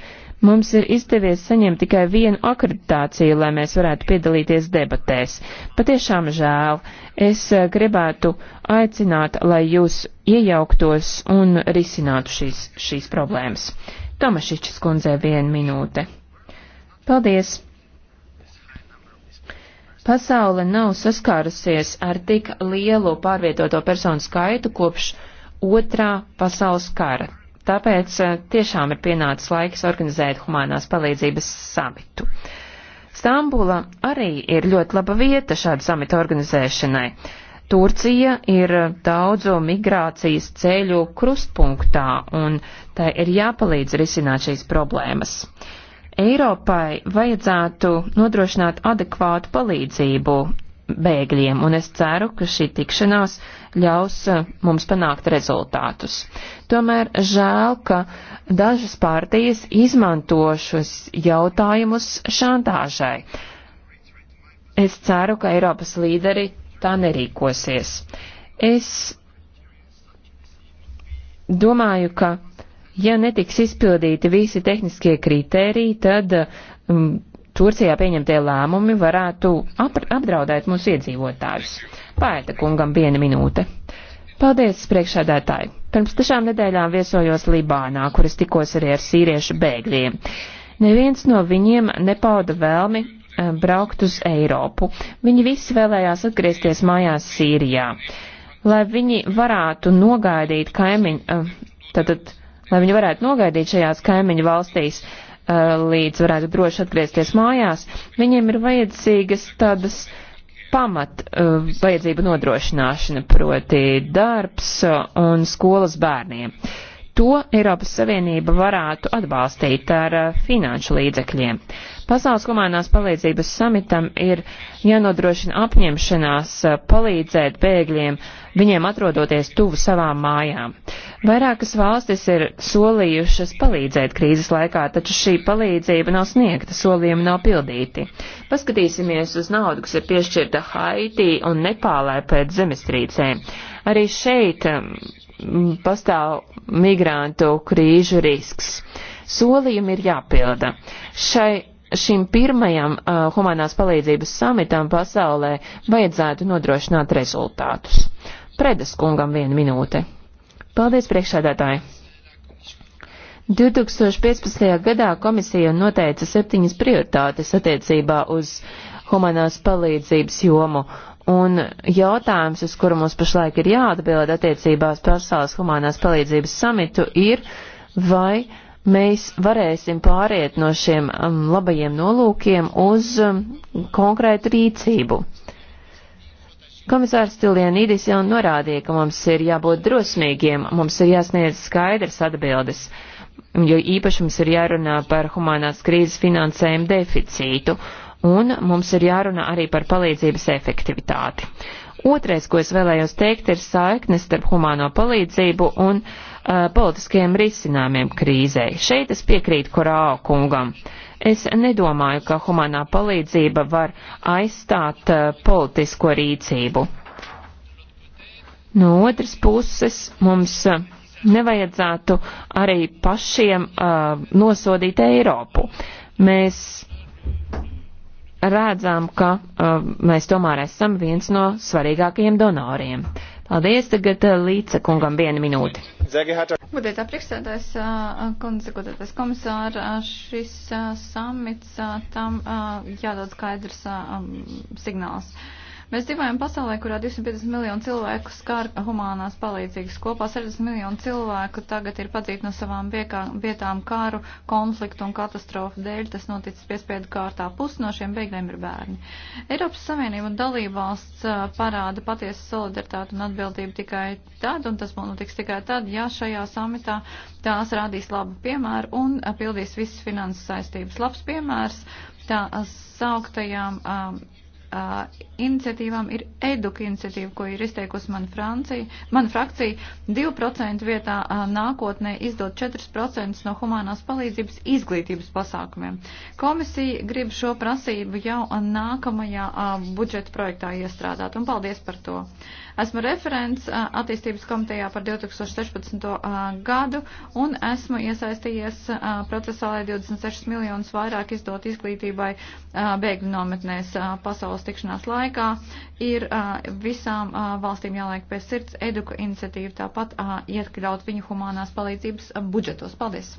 Mums ir izdevies saņemt tikai vienu akreditāciju, lai mēs varētu piedalīties debatēs. Patiešām žēl. Es eh, gribētu aicināt, lai jūs iejauktos un risinātu šīs, šīs problēmas. Tomašičs kundzē viena minūte. Paldies! Pasaule nav saskārusies ar tik lielu pārvietoto personu skaitu kopš otrā pasaules kara. Tāpēc eh, tiešām ir pienācis laiks organizēt humanās palīdzības samitu. Stambula arī ir ļoti laba vieta šādu samitu organizēšanai. Turcija ir daudzo migrācijas ceļu krustpunktā, un tai ir jāpalīdz risināt šīs problēmas. Eiropai vajadzētu nodrošināt adekvātu palīdzību bēgļiem, un es ceru, ka šī tikšanās ļaus eh, mums panākt rezultātus. Tomēr žēl, ka dažas partijas izmanto šos jautājumus šantāžai. Es ceru, ka Eiropas līderi tā nerīkosies. Es domāju, ka ja netiks izpildīti visi tehniskie kritēriji, tad um, Turcijā pieņemtie lēmumi varētu ap apdraudēt mūsu iedzīvotājus. Paēta kungam viena minūte. Paldies, priekšādētāji. Pirms tiešām nedēļām viesojos Libānā, kur es tikos arī ar sīriešu bēgļiem. Neviens no viņiem nepauda vēlmi eh, braukt uz Eiropu. Viņi visi vēlējās atgriezties mājās Sīrijā, lai viņi varētu nogaidīt kaimiņu, eh, tātad, lai viņi varētu nogaidīt šajās kaimiņu valstīs, eh, līdz varētu droši atgriezties mājās, viņiem ir vajadzīgas tādas uh, pamat uh, vajadzību nodrošināšana, proti darbs eh, un skolas bērniem. Uh, To Eiropas Savienība varētu atbalstīt ar uh, finanšu līdzekļiem. Pasaules humanās palīdzības samitam ir jānodrošina apņemšanās uh, palīdzēt bēgļiem, viņiem atrodoties tuvu savām mājām. Vairākas valstis ir solījušas palīdzēt krīzes laikā, taču šī palīdzība nav sniegta, solījumi nav pildīti. Paskatīsimies uz naudu, kas ir piešķirta Haitī un Nepālē pēc zemestrīcēm. Arī šeit um, pastāv migrantu krīžu risks. Solījumi ir jāpilda. Šai, šim pirmajam uh, humanās palīdzības samitam pasaulē vajadzētu nodrošināt rezultātus. Predes kungam viena minūte. Paldies priekšsēdētāji! 2015. gadā komisija noteica septiņas prioritātes attiecībā uz humanās palīdzības jomu, Un jautājums, uz kuru mums pašlaik ir jāatbild attiecībās pasaules humanās palīdzības samitu, ir, vai mēs varēsim pāriet no šiem um, labajiem nolūkiem uz um, konkrētu rīcību. Komisārs Tilienīdis jau norādīja, ka mums ir jābūt drosmīgiem, mums ir jāsniedz skaidrs atbildes, jo īpaši mums ir jārunā par humanās krīzes finansējumu deficītu un mums ir jārunā arī par palīdzības efektivitāti. Otrais, ko es vēlējos teikt, ir saiknes starp humāno palīdzību un uh, politiskajiem risinājumiem krīzē. Šeit es piekrītu Korāo kungam. Es nedomāju, ka humānā palīdzība var aizstāt uh, politisko rīcību. No otras puses, mums uh, nevajadzētu arī pašiem uh, nosodīt Eiropu. Mēs redzam, ka uh, mēs tomēr esam viens no svarīgākajiem donoriem. Paldies, tagad uh, Līca kungam viena minūte. Godētā priekšsēdājs, uh, kundze, godētājs komisār, uh, šis samits tam jādod skaidrs um, signāls. Mēs dzīvojam pasaulē, kurā 250 miljonu cilvēku skar humānās palīdzības. Kopā 60 miljonu cilvēku tagad ir padzīti no savām vietām kāru, konfliktu un katastrofu dēļ. Tas noticis piespiedu kārtā. Pusi no šiem beigļiem ir bērni. Eiropas Savienība un dalībvalsts parāda patiesu solidaritāti un atbildību tikai tad, un tas notiks tikai tad, ja šajā samitā tās rādīs labu piemēru un pildīs visas finanses saistības. Labs piemērs tā sauktajām um, uh, iniciatīvām ir EDUK iniciatīva, ko ir izteikusi man, Francija, man frakcija. 2% vietā uh, nākotnē izdot 4% no humanās palīdzības izglītības pasākumiem. Komisija grib šo prasību jau nākamajā uh, budžeta projektā iestrādāt, un paldies par to. Uh, Esmu referents attīstības komitejā par 2016. gadu un esmu iesaistījies procesā, lai 26 miljonus vairāk izdot izglītībai bēgļu nometnēs pasaules tikšanās laikā. Ir visām valstīm jāliek pie sirds eduka iniciatīva, tāpat iekļaut viņu humanās palīdzības budžetos. Paldies!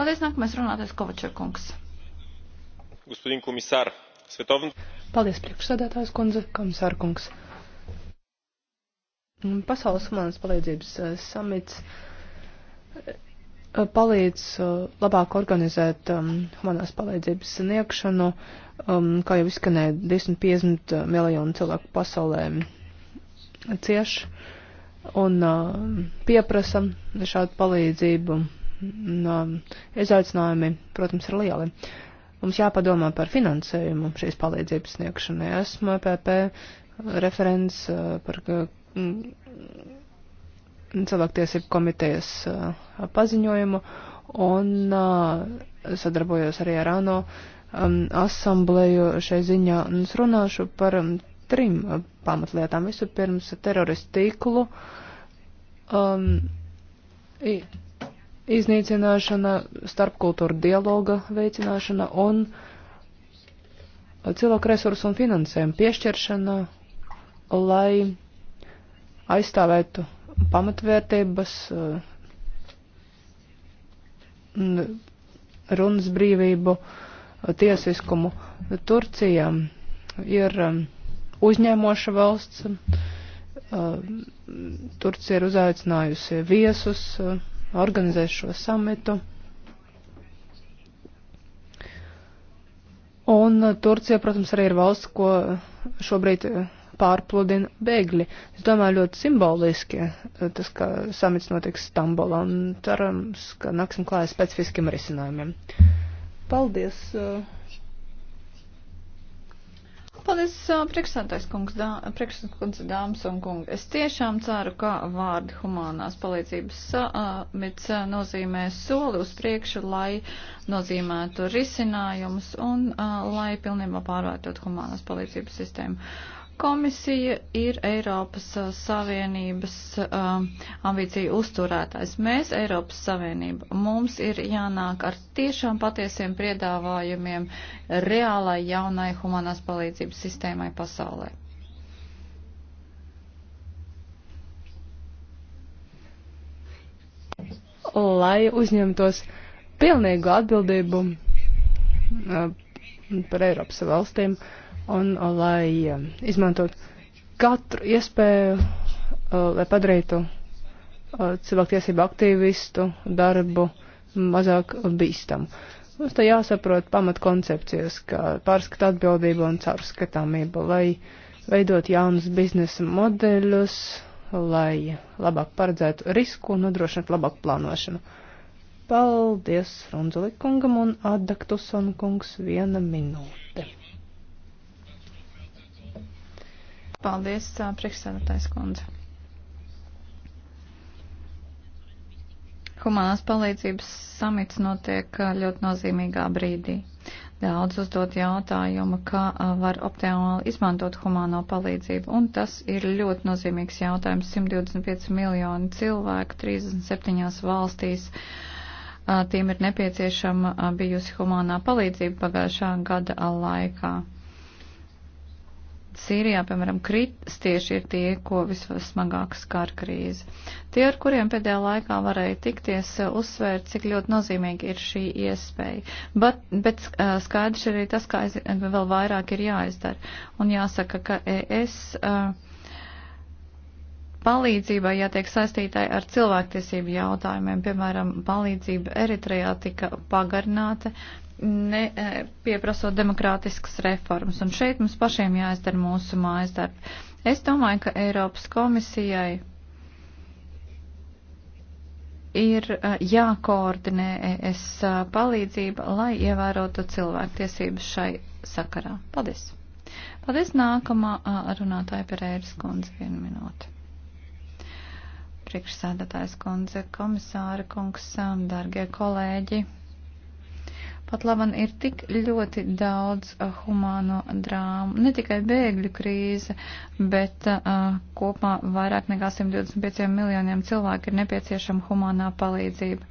Paldies, nākamais runātais Kovačekungs. Господин комисар, световно. Paldies, priekšsēdētājs kundze, komisārkungs. Pasaules humanās palīdzības eh, samits eh, palīdz eh, labāk organizēt humanās palīdzības sniegšanu, um, kā jau izskanēja, 250 miljonu cilvēku pasaulē cieš un pieprasa šādu palīdzību. Izaicinājumi, protams, ir lieli. Mums jāpadomā par finansējumu šīs palīdzības sniegšanai. Esmu EPP referents par Mm, cilvēktiesību komitejas uh, paziņojumu un uh, sadarbojos arī ar ANO um, asambleju šai ziņā. Es runāšu par um, trim uh, pamatlietām. Vispirms teroristu tīklu um, iznīcināšana, starpkultūra dialoga veicināšana un cilvēku resursu un finansējumu piešķiršana, lai aizstāvētu pamatvērtības, eh, runas brīvību, tiesiskumu. Turcija ir eh, uzņēmoša valsts. Eh, Turcija ir uzaicinājusi viesus, organizēs šo samitu. Un Turcija, protams, arī ir valsts, ko šobrīd pārpludina bēgļi. Es domāju, ļoti simboliski eh, tas, ka samits notiks Stambolā un cerams, ka nāksim klājas specifiskiem risinājumiem. Paldies! Eh. Paldies, eh, priekšsēdājs kungs, dā, priekšsēdājs dāmas un kungi. Es tiešām ceru, ka vārdi humānās palīdzības samits nozīmē soli uz priekšu, lai nozīmētu risinājumus un a, lai pilnībā pārvērtot humānās palīdzības sistēmu. Komisija ir Eiropas Savienības um, ambīciju uzturētājs. Mēs, Eiropas Savienība, mums ir jānāk ar tiešām patiesiem piedāvājumiem reālai jaunai humanās palīdzības sistēmai pasaulē. Lai uzņemtos pilnīgu atbildību uh, par Eiropas valstīm. Uh, un uh, lai uh, izmantot katru iespēju, uh, lai padarītu cilvēktiesību aktīvistu darbu mazāk bīstamu. Mums te jāsaprot pamatkoncepcijas, kā pārskata atbildība un caurskatāmība, lai veidot jaunus biznesa modeļus, lai labāk paredzētu risku un nodrošinātu labāku plānošanu. Paldies Frunzulikungam un Adaktusam kungs viena minūte. Paldies, priekšsēdētājs kundze. Humanās palīdzības samits notiek ļoti nozīmīgā brīdī. Daudz uzdot jautājumu, kā var optimāli izmantot humāno palīdzību, un tas ir ļoti nozīmīgs jautājums. 125 miljoni cilvēku 37 valstīs. Tiem ir nepieciešama bijusi humānā palīdzība pagājušā gada laikā. Sīrijā, piemēram, kristieši ir tie, ko vismagāk skar krīze. Tie, ar kuriem pēdējā laikā varēja tikties, eh, uzsvērt, cik ļoti nozīmīgi ir šī iespēja. Bet, bet eh, skaidrs ir arī tas, ka aiz, vēl vairāk ir jāizdara. Un jāsaka, ka es. Eh, palīdzībai jātiek saistītai ar cilvēktiesību jautājumiem, piemēram, palīdzība Eritrejā tika pagarināta, nepieprasot e, demokrātiskas reformas. Un šeit mums pašiem jāizdara mūsu mājas darbi. Es domāju, ka Eiropas komisijai ir e, jākoordinē es e, palīdzība, lai ievērotu cilvēktiesības šai sakarā. Paldies! Paldies nākamā runātāja Pereiras kundze vienu minūti. Priekšsēdētājs kundze, komisāra kungs, dargie kolēģi! Pat laban ir tik ļoti daudz eh, humāno drāmu, ne tikai bēgļu krīze, bet uh, eh, kopumā vairāk nekā 125 miljoniem cilvēku ir nepieciešama humānā palīdzība.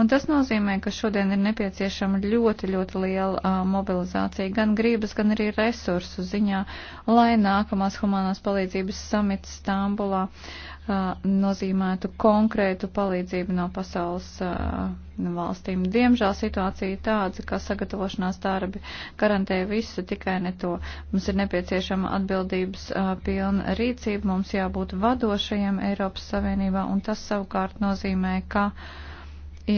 Un tas nozīmē, ka šodien ir nepieciešama ļoti, ļoti liela uh, mobilizācija gan grības, gan arī resursu ziņā, lai nākamās humanās palīdzības samits Stambulā uh, Uh, nozīmētu konkrētu palīdzību no pasaules uh, valstīm. Diemžēl situācija ir tāda, ka sagatavošanās darbi garantē visu, tikai ne to. Mums ir nepieciešama atbildības uh, pilna rīcība, mums jābūt vadošajiem Eiropas Savienībā, un tas savukārt nozīmē, ka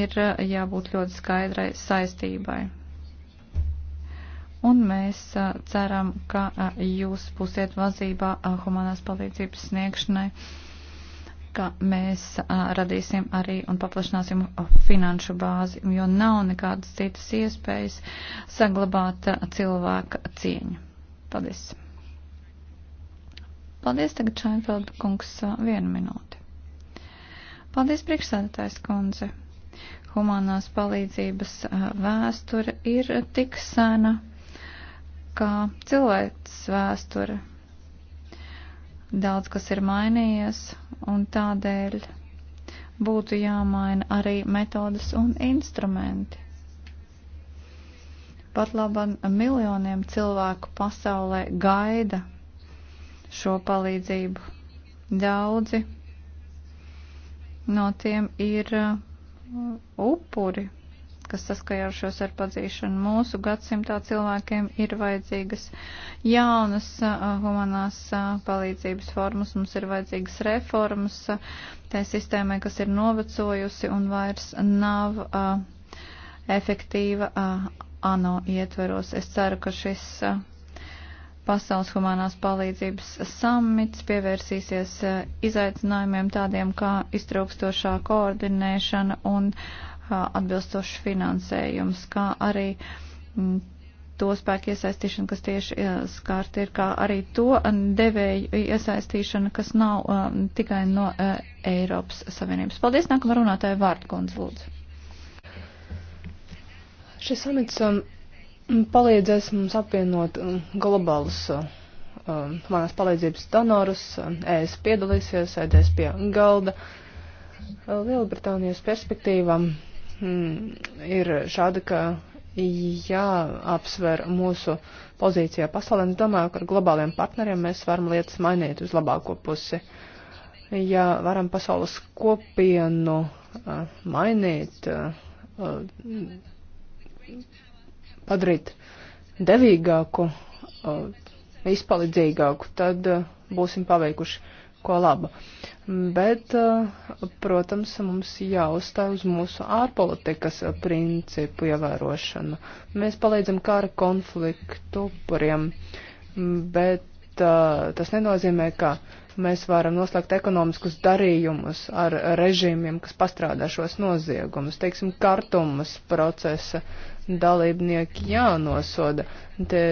ir jābūt ļoti skaidrai saistībai. Un mēs ceram, ka jūs būsiet vazībā humanās palīdzības sniegšanai ka mēs radīsim arī un paplašināsim finanšu bāzi, jo nav nekādas citas iespējas saglabāt cilvēka cieņu. Paldies! Paldies tagad Čainfeld kungs vienu minūti. Paldies priekšsēdētājs kundze. Humanās palīdzības vēsture ir tik sena kā cilvēks vēsture Daudz kas ir mainījies, un tādēļ būtu jāmaina arī metodas un instrumenti. Pat labam miljoniem cilvēku pasaulē gaida šo palīdzību. Daudzi no tiem ir uh, upuri valsts, kas saskajošos ar padzīšanu. Mūsu gadsimtā cilvēkiem ir vajadzīgas jaunas humanās palīdzības formas, mums ir vajadzīgas reformas tai sistēmai, kas ir novecojusi un vairs nav uh, efektīva uh, ANO ietveros. Es ceru, ka šis. Uh, Pasaules humanās palīdzības samits pievērsīsies izaicinājumiem tādiem kā iztraukstošā koordinēšana un atbilstošs finansējums, kā arī mm, to spēku iesaistīšana, kas tieši eh, skārta ir, kā arī to devēju iesaistīšana, kas nav um, tikai no uh, Eiropas Savienības. Paldies, nākamā runātāja Vārtkundze, lūdzu. Šis samits um, palīdzēs mums apvienot um, globālus uh, um, manas palīdzības donorus, um, ES piedalīsies, sēdēs e pie galda. Lielbritānijas perspektīvam Hmm, ir šāda, ka jāapsver mūsu pozīcijā pasaulē. Es domāju, ka ar globāliem partneriem mēs varam lietas mainīt uz labāko pusi. Ja varam pasaules kopienu mainīt, padarīt devīgāku, izpalīdzīgāku, tad būsim paveikuši ko labu. Bet, eh, protams, mums jāuzstāj uz mūsu ārpolitikas eh, principu ievērošanu. Mēs palīdzam kara konfliktu upuriem, bet eh, tas nenozīmē, ka mēs varam noslēgt ekonomiskus darījumus ar režīmiem, kas pastrādā šos noziegumus. Teiksim, kartumas procesa dalībnieki jānosoda. Te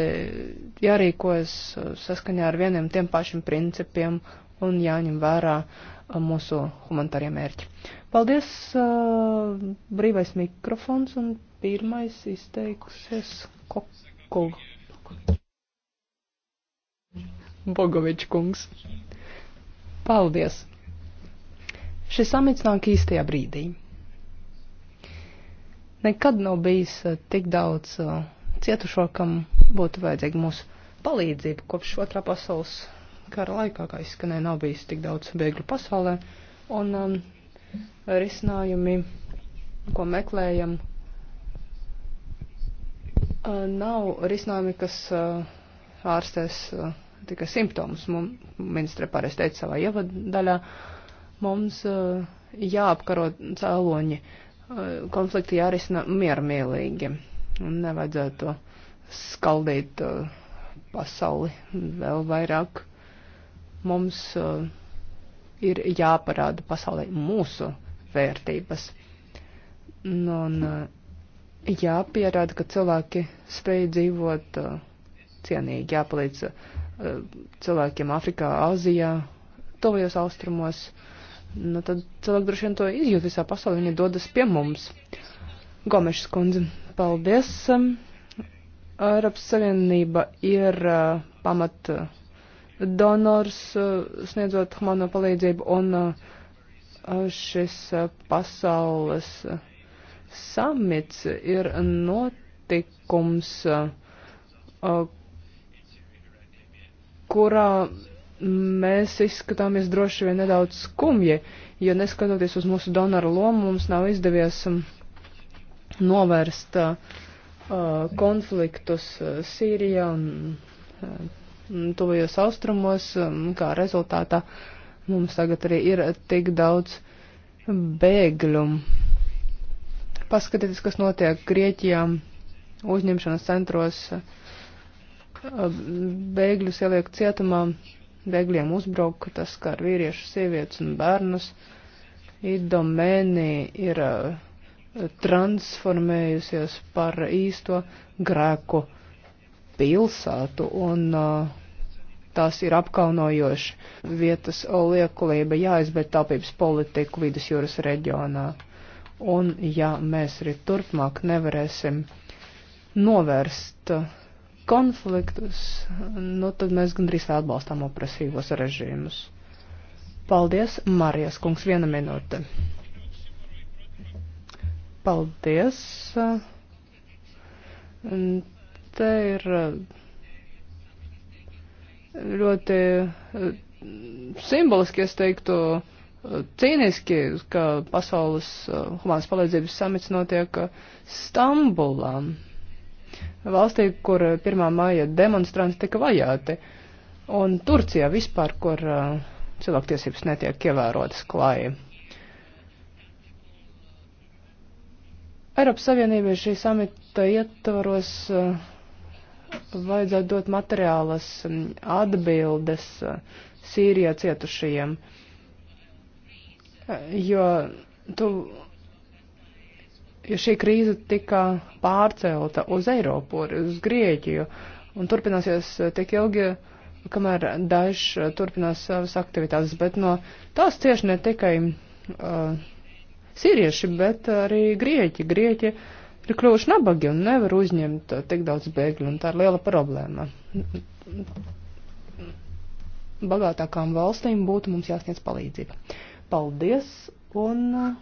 jārīkojas saskaņā ar vieniem tiem pašiem principiem un jāņem vērā uh, mūsu humanitārie mērķi. Paldies, uh, brīvais mikrofons un pirmais izteiksies Koku. Bogovičs kungs. Paldies! Šis samits nāk īstajā brīdī. Nekad nav bijis uh, tik daudz uh, cietušo, kam būtu vajadzīga mūsu palīdzība kopš otrā pasaules kara laikā, kā izskanēja, nav bijis tik daudz bēgļu pasaulē, un um, risinājumi, ko meklējam, uh, nav risinājumi, kas uh, ārstēs uh, tikai simptomus. Ministre pareiz teica savā ievadaļā, mums uh, jāapkaro cēloņi, uh, konflikti jārisina miermīlīgi, un nevajadzētu skaldīt. Uh, pasauli vēl vairāk Mums uh, ir jāparāda pasaulē mūsu vērtības. Un uh, jāpierāda, ka cilvēki spēj dzīvot uh, cienīgi, jāpalīdz uh, cilvēkiem Afrikā, Āzijā, tuvajos austrumos. Nu, tad cilvēki droši vien to izjūt visā pasaulē, viņi dodas pie mums. Gomešas kundze, paldies! Um, Arab Savienība ir uh, pamat. Uh, donors eh, sniedzot humano palīdzību un eh, šis eh, pasaules samits ir notikums, kurā mēs izskatāmies droši vien nedaudz skumji, jo neskatoties uz mūsu donoru lomu, mums nav izdevies mm, novērst uh, konfliktus Sīrijā un uh, Mm, tuvajos austrumos, mm, kā rezultātā mums tagad arī ir tik daudz bēgļu. Paskatieties, kas notiek Grieķijā uzņemšanas centros. Bēgļus ieliek cietumā, bēgļiem uzbrauka, tas skar vīriešus, sievietes un bērnus. Idomēni ir eh, transformējusies par īsto grēku pilsētu, un uh, tās ir apkaunojoši. Vietas liekulība jāizbeidz taupības politiku vidus jūras reģionā. Un ja mēs arī turpmāk nevarēsim novērst uh, konfliktus, nu tad mēs gandrīz atbalstām opresīvos režīmus. Paldies, Marijas kungs, viena minūte. Paldies. Un te ir eh, ļoti eh, simboliski, es teiktu, eh, cīniski, ka pasaules humanas palīdzības samits notiek Stambulā, valstī, kur pirmā māja demonstranti tika vajāti, un Turcijā vispār, kur cilvēktiesības netiek ievērotas klāji. Eiropas Savienība šī samita ietvaros uh, vajadzētu dot materiālas mm, atbildes mm, Sīrijā cietušajiem, eh, jo tu, jo šī krīze tika pārcelta uz Eiropu, uz Grieķiju, un turpināsies eh, tik ilgi, kamēr Daesh eh, turpinās savas aktivitātes, bet no tās cieši ne tikai uh, sīrieši, bet arī grieķi. Grieķi uh, ir kļuvuši nabagi un nevar uzņemt eh, tik daudz bēgļu, un tā ir liela problēma. Bagātākām valstīm būtu mums jāsniedz palīdzība. Paldies, un eh,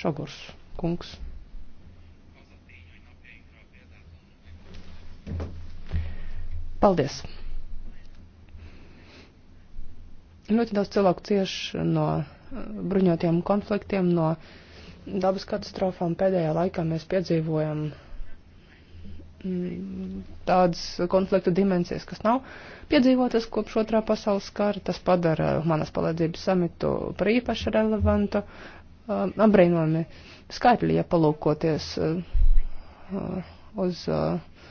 Šogurs kungs. Paldies! Ļoti daudz cilvēku cieši no eh, bruņotajiem konfliktiem, no uh, dabas katastrofām pēdējā laikā mēs piedzīvojam mm, tādas konfliktu dimensijas, kas nav piedzīvotas kopš otrā pasaules kara. Tas padara manas palīdzības samitu par īpaši relevantu. Um, apbrīnojami skaitļi, ja palūkoties uh, uz uh,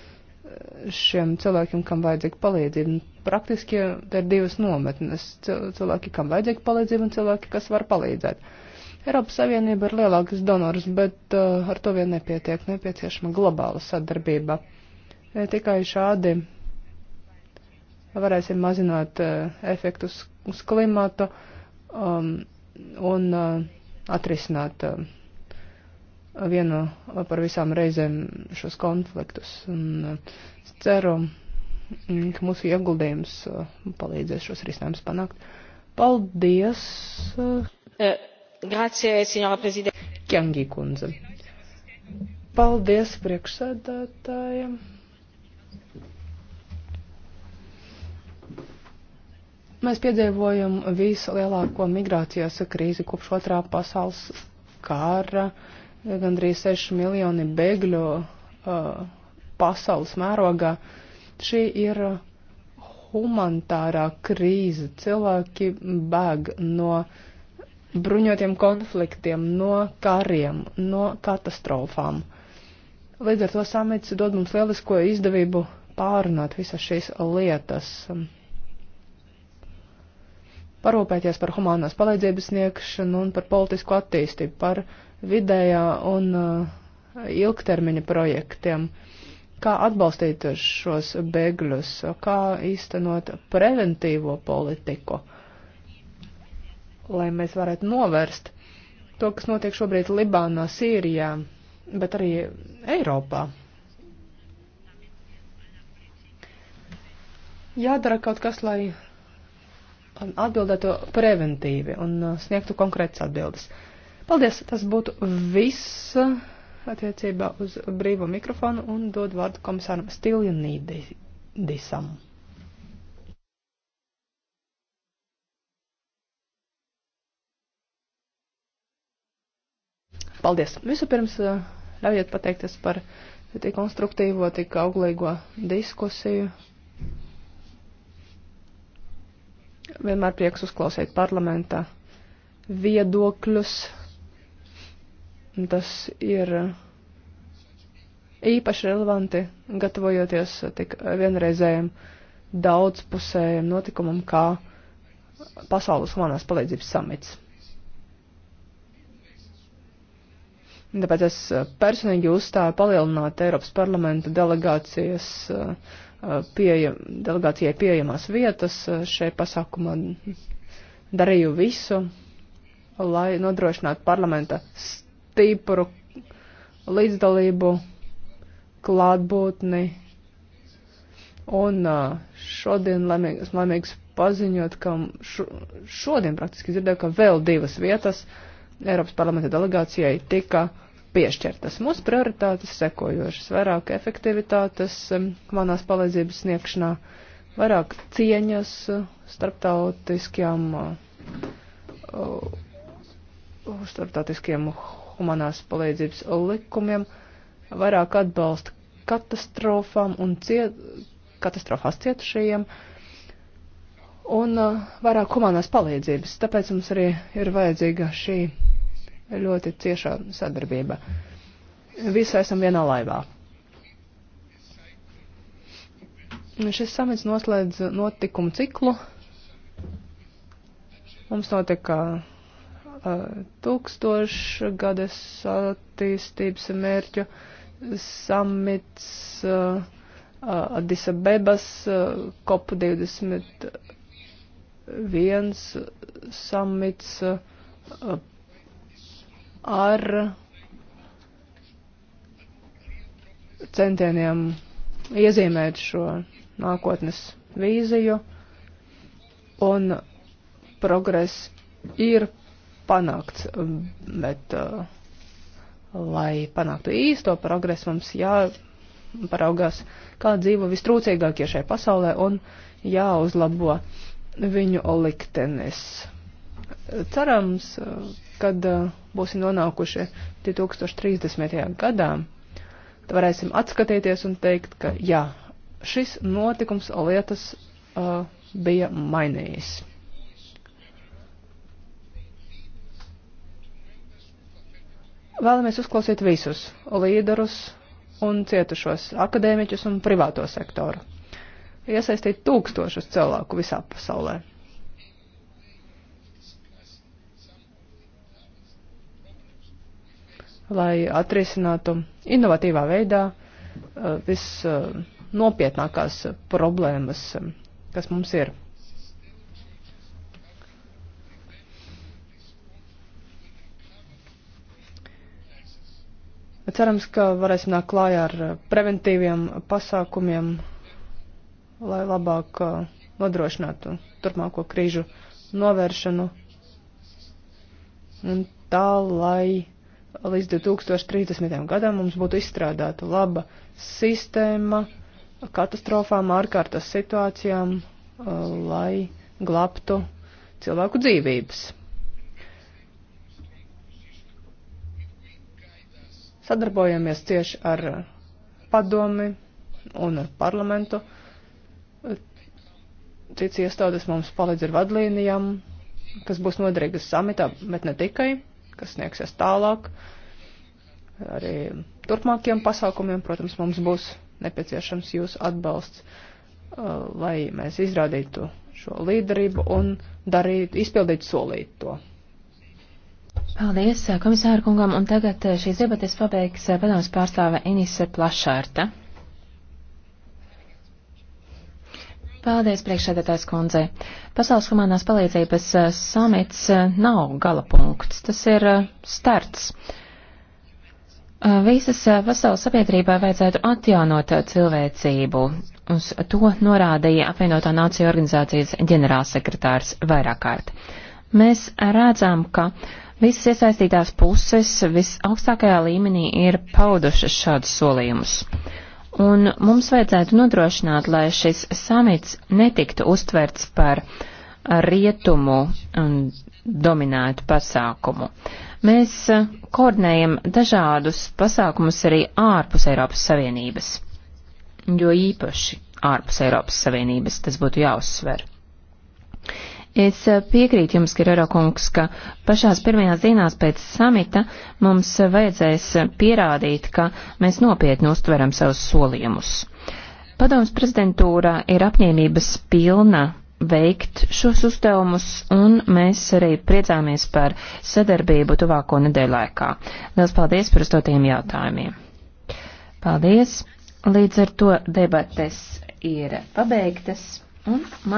šiem cilvēkiem, kam vajadzīga palīdzība. Praktiski te ir divas nometnes - cilvēki, kam vajadzīga palīdzība un cilvēki, kas var palīdzēt. Uh, Eiropas Savienība ir lielākas donors, bet uh, ar to vien nepietiek, nepieciešama globāla sadarbība. Ja tikai šādi varēsim mazināt uh, efektus uz klimatu um, un uh, atrisināt uh, vienu par visām reizēm šos konfliktus. Un, uh, es ceru, ka mūsu ieguldījums uh, palīdzēs šos risinājumus panākt. Paldies! Uh. uh. Grazie, signora prezidente. Kjangī kundze. Paldies priekšsēdētājiem. Mēs piedzīvojam visu lielāko migrācijas krīzi kopš otrā pasaules kara. Gandrīz 6 miljoni bēgļu uh, pasaules mērogā. Šī ir humanitārā krīze. Cilvēki bēg no uh, bruņotiem konfliktiem, no kariem, no katastrofām. Līdz ar to samits dod mums lielisko izdevību pārunāt visas šīs lietas, parūpēties par humānās palīdzības sniegšanu un par politisku attīstību, par vidējā un uh, ilgtermiņa projektiem, kā atbalstīt šos bēgļus, kā īstenot preventīvo politiku lai mēs varētu novērst to, kas notiek šobrīd Libānā, Sīrijā, bet arī Eiropā. Jādara kaut kas, lai atbildētu preventīvi un uh, sniegtu konkrētas atbildes. Paldies, tas būtu viss attiecībā uz brīvo mikrofonu un dod vārdu komisāram Stiljanīdisam. Paldies! Vispirms eh, ļaujiet pateikties par tik konstruktīvo, tik auglīgo diskusiju. Vienmēr prieks uzklausīt parlamentā viedokļus. Tas ir īpaši relevanti, gatavojoties tik vienreizējiem daudzpusējiem notikumam, kā Pasaules humanās palīdzības samits. Tāpēc es eh, personīgi uzstāju palielināt Eiropas parlamenta delegācijas, eh, eh, pieejam, delegācijai pieejamās vietas šajā pasākumā. Darīju visu, lai nodrošinātu parlamenta stipru līdzdalību, klātbūtni. Un šodien laimīgs, laimīgs paziņot, ka šodien praktiski dzirdēju, ka vēl divas vietas uh, Eiropas parlamenta delegācijai tika piešķirtas. Mūsu prioritātes sekojošas - vairāk efektivitātes um, manās palīdzības sniegšanā, vairāk cieņas uh, starptautiskajām, uh, uh, starptautiskiem humanās palīdzības likumiem, vairāk atbalsta katastrofām un ciet, katastrofās cietušajiem un vairāk humanās palīdzības. Tāpēc mums arī ir vajadzīga šī ļoti cieša sadarbība. Visi esam vienā laivā. Šis samits noslēdz notikumu ciklu. Mums notika uh, tūkstošgades attīstības mērķu samits uh, Adisabebas uh, COP21 samits. Uh, ar centieniem iezīmēt šo nākotnes vīziju, un progress ir panākts, bet, uh, lai panāktu īsto progresu, mums jāparaugās, kā dzīvo vistrūcīgākie šajā pasaulē, un jāuzlabo viņu liktenis. Cerams, uh, kad eh, būsim nonākuši 2030. gadā, tad varēsim atskatīties un teikt, ka jā, šis notikums lietas uh, bija mainījis. Vēlamies uzklausīt visus līderus un cietušos akadēmiķus un privāto sektoru. Iesaistīt tūkstošus cilvēku visā pasaulē. lai atrisinātu inovatīvā veidā uh, visnopietnākās uh, problēmas, um, kas mums ir. Cerams, ka varēsim nākt klājā ar uh, preventīviem pasākumiem, lai labāk nodrošinātu turpmāko krīžu novēršanu. Un tā, lai līdz 2030. gadam mums būtu izstrādāta laba sistēma katastrofām, ārkārtas situācijām, uh, lai glābtu cilvēku dzīvības. Sadarbojamies tieši ar padomi un ar parlamentu. Cits iestādes mums palīdz ar vadlīnijām, kas būs noderīgas samitā, bet ne tikai kas sniegsies tālāk. Arī turpmākiem pasākumiem, protams, mums būs nepieciešams jūsu atbalsts, uh, lai mēs izrādītu šo līderību un darītu, izpildītu solīto. Paldies komisāru kungam, un tagad uh, šīs debates pabeigs uh, padomus pārstāve Inise Plašārta. Paldies, priekšsēdētājs kundze. Pasaules humanās palīdzības eh, samits eh, nav gala punkts, tas ir eh, starts. Visas pasaules sabiedrībā vajadzētu atjaunot cilvēcību. Uz to norādīja apvienotā nācija organizācijas ģenerālsekretārs vairāk kārt. Mēs redzam, ka visas iesaistītās puses visaugstākajā līmenī ir paudušas šādus solījumus. Un mums vajadzētu nodrošināt, lai šis samits netiktu uztverts par rietumu dominētu pasākumu. Mēs eh, koordinējam dažādus pasākumus arī ārpus Eiropas Savienības, jo īpaši ārpus Eiropas Savienības tas būtu jāuzsver. Es eh, piekrītu jums, Kirero kungs, ka pašās pirmajās dienās pēc samita mums vajadzēs eh, pierādīt, ka mēs nopietni uztveram savus solījumus. Padoms prezidentūra ir apņēmības pilna veikt šos uzdevumus, un mēs arī priecāmies par sadarbību tuvāko nedēļu laikā. Lielas paldies par uzdotajiem jautājumiem. Paldies! Līdz ar to debates ir pabeigtas, un man.